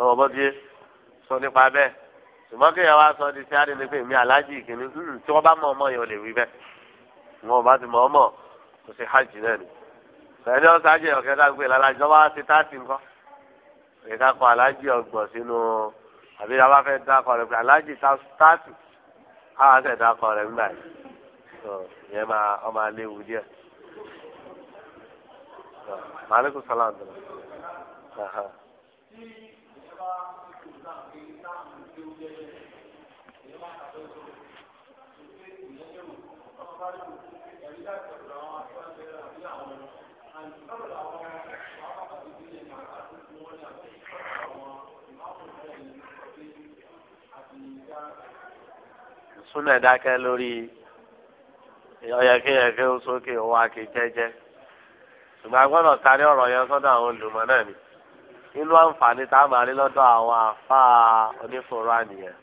ọmọ bọ́ bíi. sọ nípa bẹ́ẹ̀ ṣùgbọ́n kéèyàn wá sọ di sí àdínní pé èmi aláàjì ìkíní tí wọ́n bá mọ ọmọ yẹn ò lè wí bẹ́ẹ̀ wọn ò bá ti mọ ọmọ kò sí hajj náà ni ẹni ọ̀sán ajé ọ̀kẹ́ dàgbé lálàjọ wá sí táàtì aláàjì ọgbọ̀n sínú àbí a fẹ́ dákọ pé aláàjì súnà dákẹ́ lórí ọyọ kéèyàn kéwọn sókè òun àkè jẹ́jẹ́ ṣùgbọ́n agbọ́dọ̀ kárí ọ̀rọ̀ yẹn sọ́dọ̀ àwọn olùmọ̀ náà ni. inú àǹfààní tá a máa rí lọ́dọ̀ àwọn àfáà onífòrò ànìyàn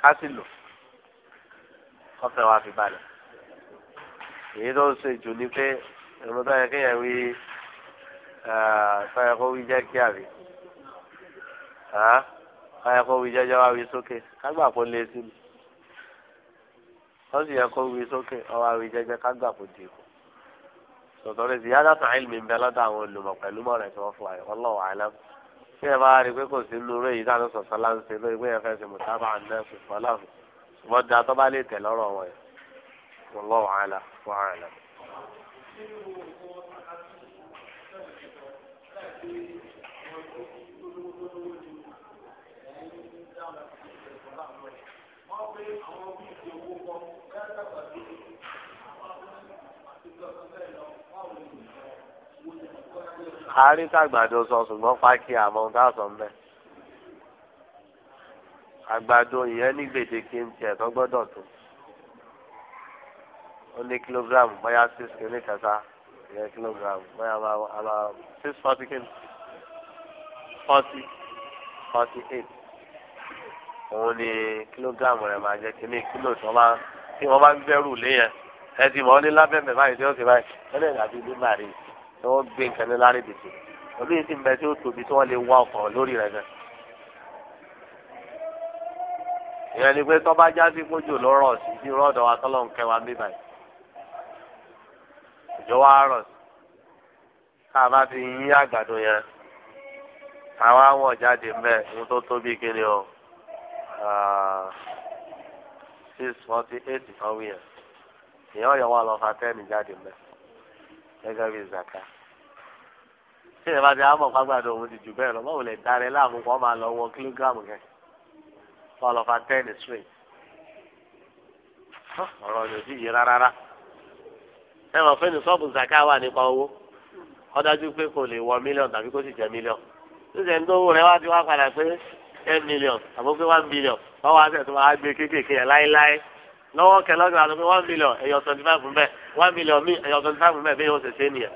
ká sì lò kọ́fẹ́ wa fi balẹ̀ èyí tó ń ṣe jù ni pé ìrún tó yẹ kéèyàn wí sọ́yẹ eh, kó wí jẹ́ kí àbí sọ́yẹ kó wí jẹ́jẹ́ wá wí sókè kágbà kó lé sí mi wọ́n sì yẹ kó wí sókè ọwọ́ àwí jẹ́jẹ́ kágbà kó dìbò sọ̀tọ̀rẹ́ sì yáda tàn ilmi ń bẹ lọ́dọ̀ àwọn olùmọ̀ pẹ̀lú mọ́ rẹ̀ tí wọ́n fún wa yìí wallahu alam ṣé ẹ bá rí i pé kò sí nuru èyí táwọn sọ̀tọ̀ láǹṣe lórí pé ẹ fẹ́ ṣe mùtábà náà fi fọlá fún ṣùgbọ́n da tó bá lè tẹ̀ lọ́rọ̀ wọn yìí wallahu alam wa alam. àárín tàgbàdo sọ ṣùgbọ́n fákì àmọ́ ohun tá a sọ ń bẹ. àgbàdo ìyẹn ní gbèdéke ń tiẹ̀ tó gbọ́dọ̀ tó ó ní kílógíráàmù bóyá six kìíní kẹta ìyẹn kílógíráàmù bóyá a máa six forty kìíní forty forty eight òun ni kílógíráàmù rẹ̀ máa jẹ́ kìíní kílò tí wọ́n bá tí wọ́n bá ń gbẹ́rù léyẹn ẹ ti mọ̀ ọ́ ní lábẹ́mẹ̀ báyìí tí ó ti báyìí ẹ tí wọ́n gbé nǹkan ní lárí bìtì òbí yìí sì ń bẹ tí ó tóbi tí wọ́n lè wá ọkọ̀ lórí rẹ̀ gan. ìyẹn ni pé tọ́ba já sí kójú ló rọ̀ sí bí rọ́ọ̀dọ̀ wa tọ́lọ̀ ń kẹwàá bí báyìí. òjò wa rọ̀ sí ká a bá fi yí àgbàdo yẹn àwọn àwọn jáde mbẹ ohun tó tóbi kiri o ah, six forty eight ìfọwọ́ yẹn ìyẹn ọ̀yọ́ wa lọ fa tẹ́ẹ̀nì jáde mbẹ gẹ́gẹ́ bí zaka tí ìyẹn bá ti àmọ̀ pàgbàdo òun ti jù bẹ́ẹ̀ lọ báwo lè darẹ̀ láàmú kó máa lọ wọ kílógíráàmù kẹ fall of a ten straight ọ̀rọ̀ ọ̀dọ̀ sí yìí rárá ẹ mọ̀ pé ní sọ́ọ̀bù zaka wà nípa owó ó dájú pé kò lè wọ mílíọ̀nù tàbí kó sì jẹ́ mílíọ̀nù tó jẹ́ ní owó rẹ wá ti wá padà pé ten million àbó pé one million wọ́n wá sẹ̀ tó máa gbé kéékèèké yẹn láéláé lọ́wọ́ kẹ lọ́dún àlọ́ one million ẹ̀yọ̀ twenty five mbẹ́ one million mi ẹ̀yọ̀ twenty five mbẹ́ bẹ́ẹ̀ yóò ṣe ṣe nìyẹn.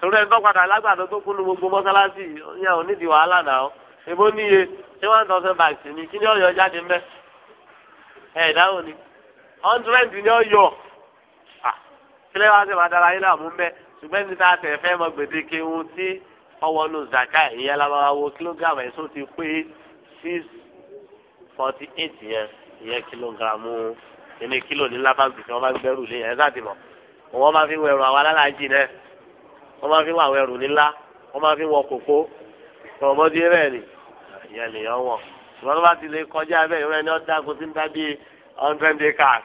torí ẹni tó padà alágbàdo tó kúnnú gbogbo mọ́sálásì yẹn ò nídìí wàhálà náà o èbó níye ṣé one thousand bags ni kí ni ọ̀yọ́ jáde mbẹ́ ẹ̀ dáhùn ni hundred ni ọ̀yọ́ kílẹ̀ wá sí madara yín náà mú mbẹ́ ṣùgbọ́n ní ta tẹ̀ fẹ́ mọ gbèdéke ohun tí ọwọ́ nù zaka ìyẹn lábára wo ẹ̀ sọ ti pé six forty eight yẹn ìyẹn kílógíráàmù ìní kílò ní lábàgbé tí wọ́n bá gbẹ́rù lé ẹ̀ sáàtì mọ̀ wọ́n máa fi wẹ̀rù àwọn alálàájì náà wọ́n máa fi wọ àwọn ẹrù nílá wọ́n máa fi wọ kòkó ọmọdé rẹ̀ ni ìyẹn lèyàn wọ̀ ṣùgbọ́n tó bá ti lè kọjá bẹ́ẹ̀ ìwé ni ó dáko tí ń dá bíi hundred acres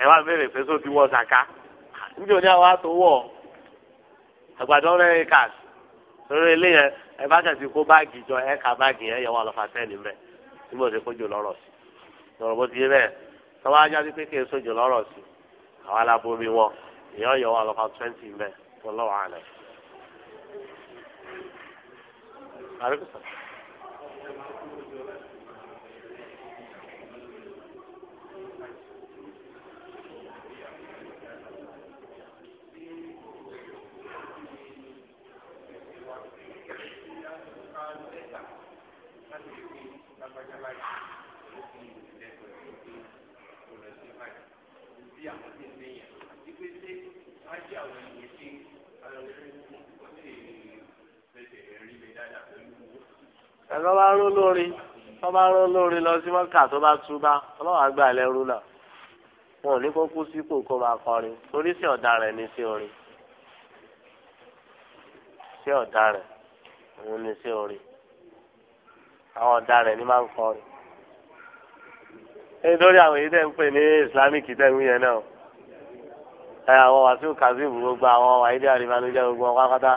ẹ wá bẹ̀rẹ̀ pé sóò wọ ṣàká níbi òní àwọn àtòwọ̀ àgbàdo hundred acres lórí eléyẹn ẹ bá tẹ̀sí kó báàgì jọ ẹ báàgì yẹn yẹ wọ́n lọ fà sẹ́ni tí mo ṣe kójú lọ́rọ̀ sí lọ́rọ̀ bó ti yé bẹ́ẹ̀ tọ́wọ́ ajá sí pé kí n sojú lọ́rọ̀ sí àwọn alábomi wọn èèyàn yọ wọn lọ́kọ̀ twenty mẹ́ wọn lọ́wọ́ àná. sí àwọn tí ń léyìn àti pé ṣé á jẹ́ àwọn ènìyàn tí ó ti fẹsẹ̀ rí mi dáadáa pẹ̀lú owó. ẹ̀rọ bá rún lórí tó bá rún lórí lọ sí mọ́kà tó bá túbá ọlọ́wàá gbà lẹ́rú náà wọn ò ní kó kú sípò kó máa kọrin torí sí ọ̀daràn ní sí orin sí ọ̀daràn òun ní sí orin àwọn ọ̀daràn ní máa ń kọrin ẹni lórí àwọn èyí tẹ̀ ń pè ní islamic tẹ̀wé yẹn náà ẹ àwọn wàsíù kazeem gbogbo àwọn àyídé àríwáńdójẹ gbogbo wọn pátápátá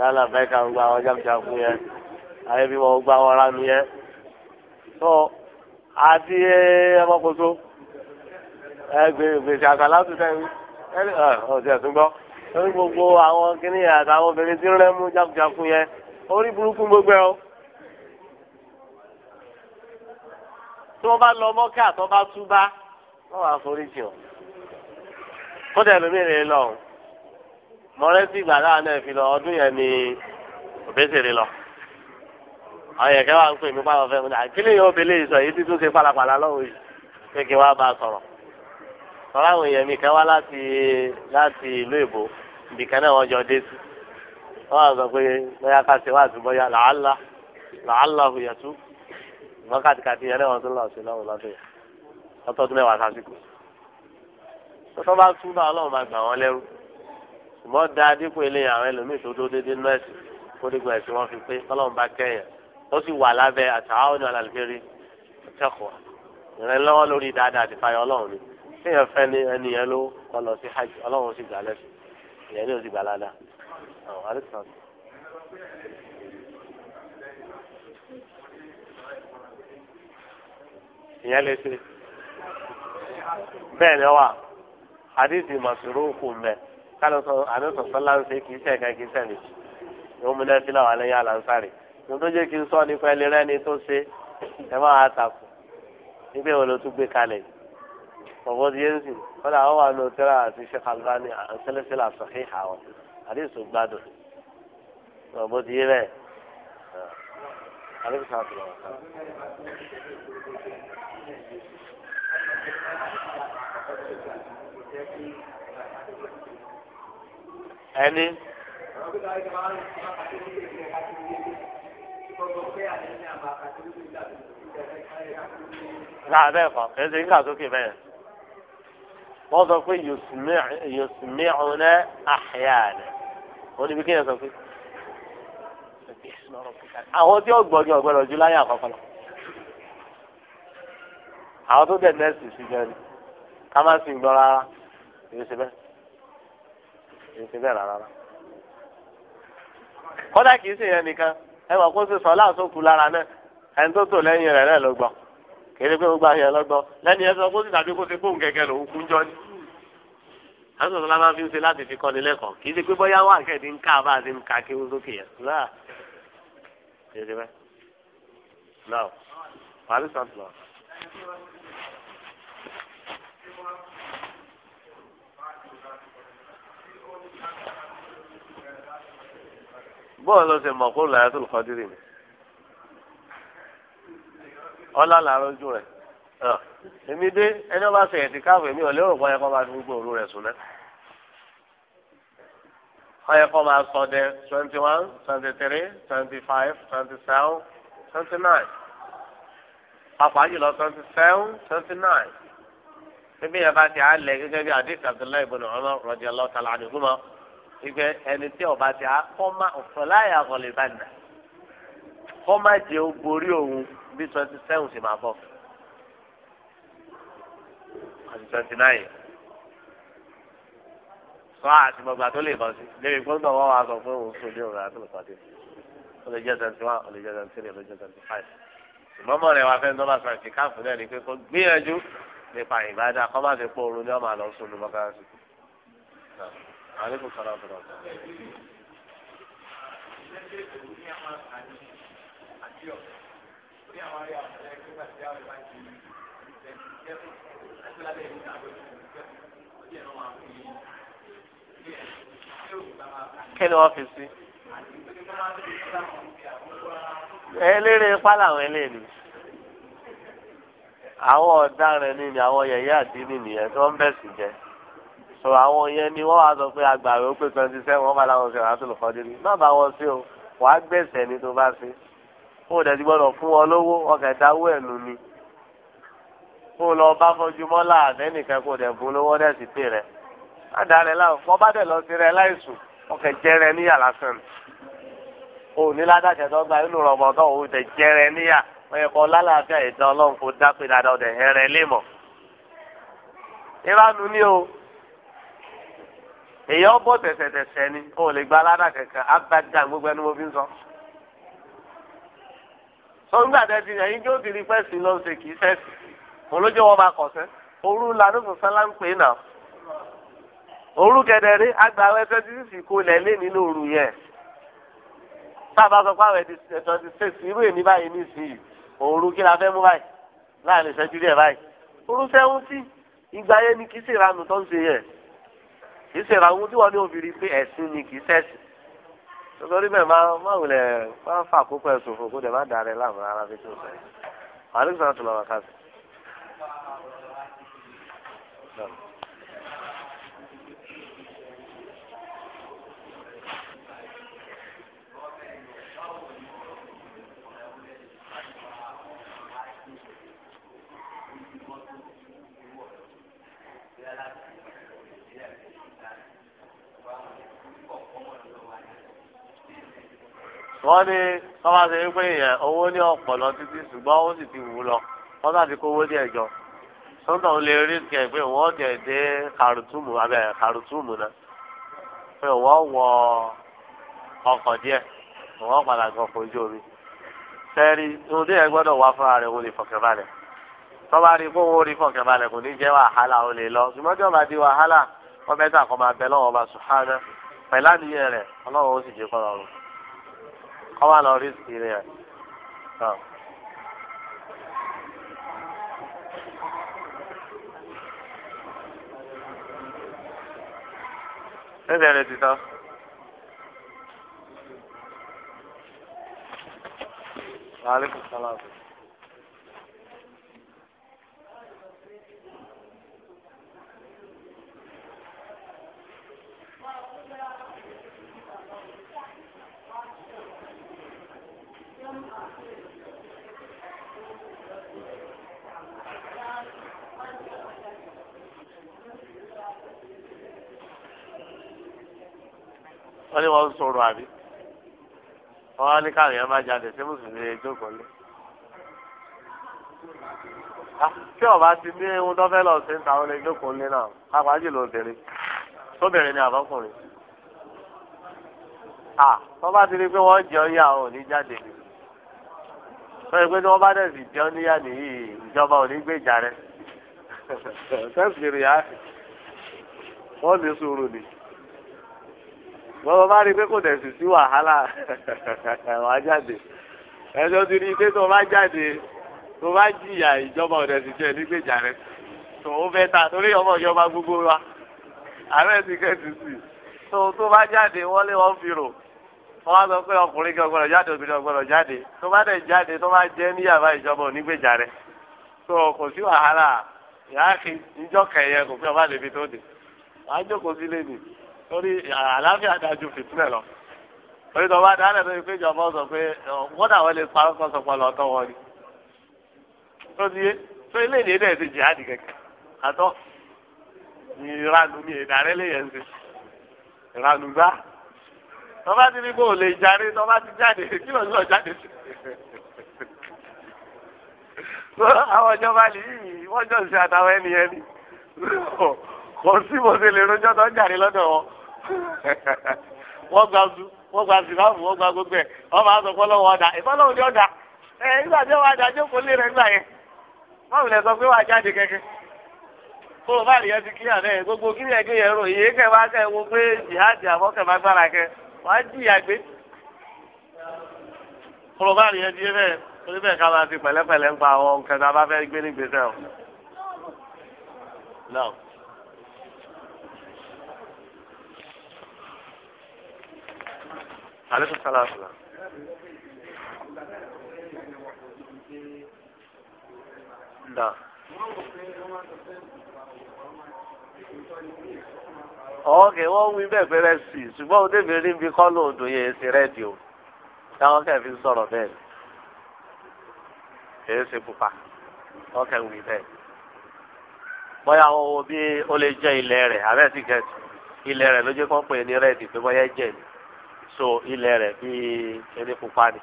yálà bẹ́ẹ̀ka gbogbo àwọn jákujáku yẹn àyẹ̀bímọ gbogbo àwọn ránu yẹn tó àti ẹmọkòtò gbèsè àkàlàtù tẹ̀wé ọ̀sẹ̀ ẹ̀sùn gbọ́ lórí gbogbo àwọn kìnìyàn àtàwọn obìnrin tí ń rẹ́mú jákujáku yẹn orí burúkú gbogbo ẹ̀ o. tí wọn bá lọ mọ́kà tó bá túbá wọn wà foríjì o kódà ẹlòmíràn lọ mọ̀rẹ́sì gbàdá náà fi lọ ọdún yẹn ni òbẹ́sẹ̀rẹ̀ lọ àwọn yẹn kẹ́ ń pè mí pàrọ̀ fẹ́ mi náà kílẹ̀ yóò bẹ̀lẹ̀ sọ èyí títún ṣe pàlàpàlà lọ́wọ́ yìí pé kí wàá bá a sọ̀rọ̀ sọ̀rọ̀ àwọn èèyàn mi kẹ́ láti láti ìlú èbó ibìkan náà wọ́n jọ dé sí wọ́n á sọ pé bóyá ká ṣe wá àtúbọ̀yá làálà làálà hùyàtú ṣùgbọ́n kàtìkàtì yẹn náà wọ́n tún lọ sí lọ́wọ́ lọ́dún yẹn ọtọ́dún mẹ́wàá sásìkò tọ́tọ́ bá tún náà ọlọ́run máa gbà wọ́n lẹ́rú ṣùgbọ́n da dípò eléyà àwọn ẹlòmíì tó dúró déédéé nọ́ọ̀sì kó dìgbà ẹ̀sìn wọn fi pé ọlọ́run bá kẹ́yìn ó sì wà lábẹ́ àtàwọn alàlùfẹ́rí ọ̀tẹ́kọ̀ọ́ ìrànlọ́wọ́ lórí dáadáa àti fàyọ ọlọ́run ni kéèyàn fẹ́ ni ẹni yẹn ló kọ́ lọ sí hajj ọlọ́run sì gbà lẹ́sìn ìyẹn ní òsì ìyẹn lè ṣe bẹ́ẹ̀ ni wà hadith masoro kò mẹ́ kálọ̀ sọ àdéhùn sọ́lá ń ṣe kì í ṣẹ̀ka kì í ṣẹ̀mí yóò mú náà fílà wà lẹ́yìn àlànsárì ní tó jẹ́ kí n sọ nípa ẹni rẹ́ni tó ṣe ẹ máa tàkù nígbà wo ló tún gbé kalẹ̀ ọ̀bọ̀ ti yé nsì kọ́dà wọ́n wà ní òtẹ́rà àti Sheikh Albani àṣẹlẹ́sẹ̀lẹ̀ àṣọ̀hí àwọn àdéhùn gbádùn ọ̀bọ̀ ti yé bẹ́ẹ̀. عليه na والسلام لا بẹ́ẹ̀ kọ́ na í ṣe na sókè bẹ́ẹ̀ na sọ pé na àhíyá rẹ̀ na na àwọn tí ó gbọ́ ni ọ̀gbọ́dọ̀ ju láyé àkọ́kọ́ lọ àwọn tó dẹ̀ nẹ́ẹ̀sì sí jẹ́ ni ká má sì ń gbọ́ rárá èyí ṣe bẹ́ẹ̀ èyí ṣe bẹ́ẹ̀ rárá. kódà kìí ṣe yẹn nìkan ẹ wà kó ṣe sọ láàsókù lára náà ẹni tó tò lẹ́yìn rẹ̀ náà ló gbọ́ kéde pé gbogbo àyàn ló lẹ́ni ẹ sọ kó sì tàbí kó ṣe bóun kẹ̀kẹ́ lòun kú jọ ni. àtúntò tó lá máa fi ń ṣe láti fi kọ́ni lẹ́kọ̀ọ́ kì í ṣe pé bóyá wà kẹ́ẹ̀dín ká bá a ti ń ka kí ó sókè yẹn ṣe bẹ́ẹ̀ náà parí sọ́ọ̀tù náà. bọ́ọ̀lù ṣe mọ̀ kó làyà tó lùkọ́ dírì mi ọ̀là làárọ̀ ojú rẹ̀ èmi dé ẹni ọba ṣe ẹ̀sìn káàfọ̀ èmi ò lérò pọ̀ yẹ kó bá fi gbogbo òru rẹ̀ sùn náà ọyẹ kọ́ máa sọ dẹ twenty one twenty three twenty five twenty seven twenty nine pàápàá jùlọ twenty seven twenty nine níbi yẹn bá ti á lẹ gẹ́gẹ́ bí adé Abdullahi ibn Umar radiyallahu ta'ala anhuma ìgbẹ́ ẹni tí ọba ti á koma má ọ̀fọ̀láyà ọ̀lẹ̀ bá nà kọ́ má jẹ́ twenty seven sì máa twenty nine sọ àti gbọgbà tó lè bọ́ sí lébi gbọ́dọ̀ wọ́n wá sọ pé òun sùn òun àti lùpàdé ó lè jẹ́ one ó lè jẹ́ three ó lè jẹ́ seventy five ìmọ̀mọ́ rẹ̀ wá fẹ́ dọ́là sàǹtì káàfù náà ni pé kó gbìyànjú nípa ìbádà kọ́ má fi pọ̀ òru ní ọmọ àlọ́ sùn lùmọ́ káàsì kí ni wọ́n fi sí. eléré pálá àwọn eléyìí àwọn ọ̀daràn ni ni àwọn yẹ̀yẹ́ àdínì nìyẹn tó ń bẹ̀sì jẹ́ so àwọn yẹn ni wọ́n wá sọ pé agbàwé ó pé twenty seven wọ́n bá láwọn ṣe wàásù lọ́kọ́ dé ní náà bá wọn sí o wàá gbèsè ni tó bá sí ó dẹ̀ ti gbọ́dọ̀ fún wọn lówó ọkàn ìdáwó ẹ̀ nù ni kó lọ bá fọjú mọ́lá àtẹnìkan kó dẹ̀ bú lówó dẹ̀ sì pè rẹ̀. àdàrẹ la mo bá dẹ̀ lọ sí rẹ jẹrẹ níyà lásán o ní ládàjẹ tó inú o tẹ jẹrẹ níyà wọ́n yẹ kọ́ lálàáfíà ìtàn ọlọ́run kò dápé dáadáa hẹrẹ ìránu ni o èyàn ni o lè gba aládà kẹ̀kẹ́ agbájá gbogbo ẹni mo fi ń sọ. sọ nígbà tẹ ti pẹ́sì lọ́sẹ̀ kì í sẹ́sì mo lójú wọn máa kọ̀ sẹ́ orú òru kẹdẹrí agbàwẹ̀ twenty six kò lẹlé nínú òru yẹn sábà sọ pé àwẹ̀ twenty six irú èmi báyìí nísìnyí òru kí la fẹ́ mú báyìí láàrin ìṣẹ́jú díẹ̀ báyìí òru sẹ́wọ́ntì ìgbà yẹn ni kì í ṣèranù tó ń ṣe yẹn kì í ṣèranù tí wọ́n ní obìnrin pé ẹ̀sìn ni kì í ṣẹ̀sìn nítorí bẹ́ẹ̀ máa máa wulẹ̀ máa fà kókó ẹ̀sùn fún kó dẹ̀ má dàrẹ́ láàmú rárá bí tó sọ yìí. wọ́n ní sọ́wọ́n ṣe wípé yẹn owó ní ọ̀pọ̀lọ títí ṣùgbọ́n ó sì ti wù lọ wọ́n bá ti kó owó díẹ̀ jọ sọ́ńtọ̀ lè rí kẹ̀ pé wọ́n tẹ̀ dé kàrùtùmù abẹ́ kàrùtùmù náà pé wọ́n wọ ọkọ̀ díẹ̀ wọ́n padà gan fojú omi sẹ́ẹ̀rì ohun yẹn gbọ́dọ̀ wá fúnra rẹ̀ wọ́n lè fọkàn balẹ̀. tọ́ba rí kó wọ́n rí fọ̀kẹ́ balẹ̀ kò ní jẹ́ wàhálà ó lè lọ ṣùgbọ́n tí wọ́n bá di wàhálà wọ́n bẹ́ẹ̀ tà kọ́ máa bẹ lọ́wọ́ ọba sùhánà pẹ̀lú àníyàn rẹ̀ ọlọ́wọ́ ó sì jẹ́ kọ́ lọ́rùn kọ́ wà lọ rí sí rẹ̀. Ẹ̀sẹ̀ rẹ̀ ti tán. Wa salaam. wọ́n ní wọ́n sọ̀rọ̀ àbí wọ́n á ní káwọn yẹn máa jáde sí mùsùlùmí lè jókòó lé. Ah, tí ọba ti ní ohun tó fẹ́ lọ sí ń tàwọn lè jókòó lé náà apájì ló bèrè sóbèrè ni àbọ́kùnrin. wọ́n ah, bá ti rí i pé wọ́n jẹun yà ò ní jáde sọ pé tí wọ́n bá dẹ̀sì jẹun níyà nìyí ìjọba ò ní gbèjà rẹ̀. <laughs> sẹ́sì rìá wọ́n lè sọ̀rọ̀ nìyí bọ́ọ̀ bá rí pé kò tẹ̀sí sí wàhálà <laughs> wà jáde ẹjọ́ ti rí i pé tó bá jáde tó bá jìyà ìjọba ọ̀dẹ̀sí jẹ́ nígbèjà rẹ tó o fẹ́ ta torí ọmọ ìjọba gbogbo wa àárẹ̀ ti kẹ́sì sí tó tó bá jáde wọlé wọn fi rò wọ́n á sọ pé ọkùnrin kan gbọ́dọ̀ jáde obìnrin gbọ́dọ̀ jáde tó bá dẹ̀ jáde tó bá jẹ́ níyàbá ìjọba onígbèjà rẹ tó kò sí wàhálà ìyá àfi ìjọ kẹyẹ kò fi ọba torí àlàáfíà dájú fìtúrẹ̀ lọ torí tó bá dáná tó pé ìjọba sọ pé wọ́n dà parọ́ kọ́ sọ pé ọlọ́tọ́ wọn tó ti yé tó ilé ìdè náà ti jihadi kẹ̀kẹ́ àtọ́ ìranu ni ìdarí lè ṣe ìranu gbá tó bá ti ní kó o lè jarí tó bá ti jáde kí ló lọ jáde sí <laughs> àwọn ìjọba yìí wọ́n jọ ṣe àtàwọn ẹni ẹni. kò si bó ṣe lè rojọ́ tó ń jàre lọ́dọ̀ wọn wọ́n gba zu wọ́n gba zimbabwe wọ́n gba gbogbo ẹ̀ wọ́n máa sọ fọlọ́wọ́ ọ̀dà ìfọlọ́wọ́ ni ọ̀dà ẹ̀ nígbà tí wọ́n adájọ́ kò lè rẹ̀ yẹn wọ́n wulẹ̀ sọ pé wọ́n ajáde kẹ́kẹ́ kó o bá rí ẹtí náà gbogbo wo pé jihadi gbára wọ́n á jìyà gbé kó o bá bá aleykum salaam salaam. nda. ọ̀ọ́kẹ́ wọ́n wí bẹ́ẹ̀ pé rẹ́sì ṣùgbọ́n òde mi rí bí yẹn ṣe rẹ́díò táwọn fi sọ̀rọ̀ bẹ́ẹ̀ èyí ṣe pupa wọ́n kẹ́ wí bóyá àwọn owó bí ó lè jẹ́ ilẹ̀ rẹ̀ abẹ́ẹ̀ sì kẹ́ẹ̀tì ilẹ̀ rẹ̀ ló jẹ́ pè ní so ilẹ̀ rẹ̀ bíi eré pupa ni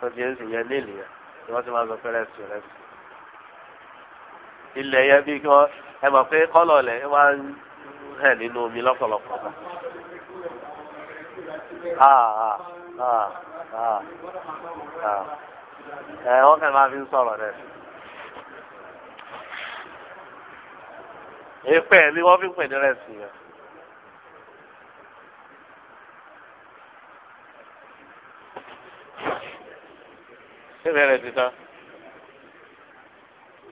wọ́n ti ń sìn yẹn nílì yẹn ni wọ́n ti máa ń sọ fẹ́rẹ́ sí rẹ̀ sí. ilẹ̀ yẹn bíi kí wọ́n ẹ mọ̀ pé kọ́lọ̀ lẹ̀ ẹ máa ń hẹ̀ nínú omi lọ́pọ̀lọpọ̀ náà. Ah, ah, ah, ah. ẹ wọ́n kàn máa fi ń sọ̀rọ̀ rẹ̀. èèpẹ̀ ni wọ́n fi ń pè ní rẹ̀ sí yẹn. ṣé bẹ̀rẹ̀ ti tán.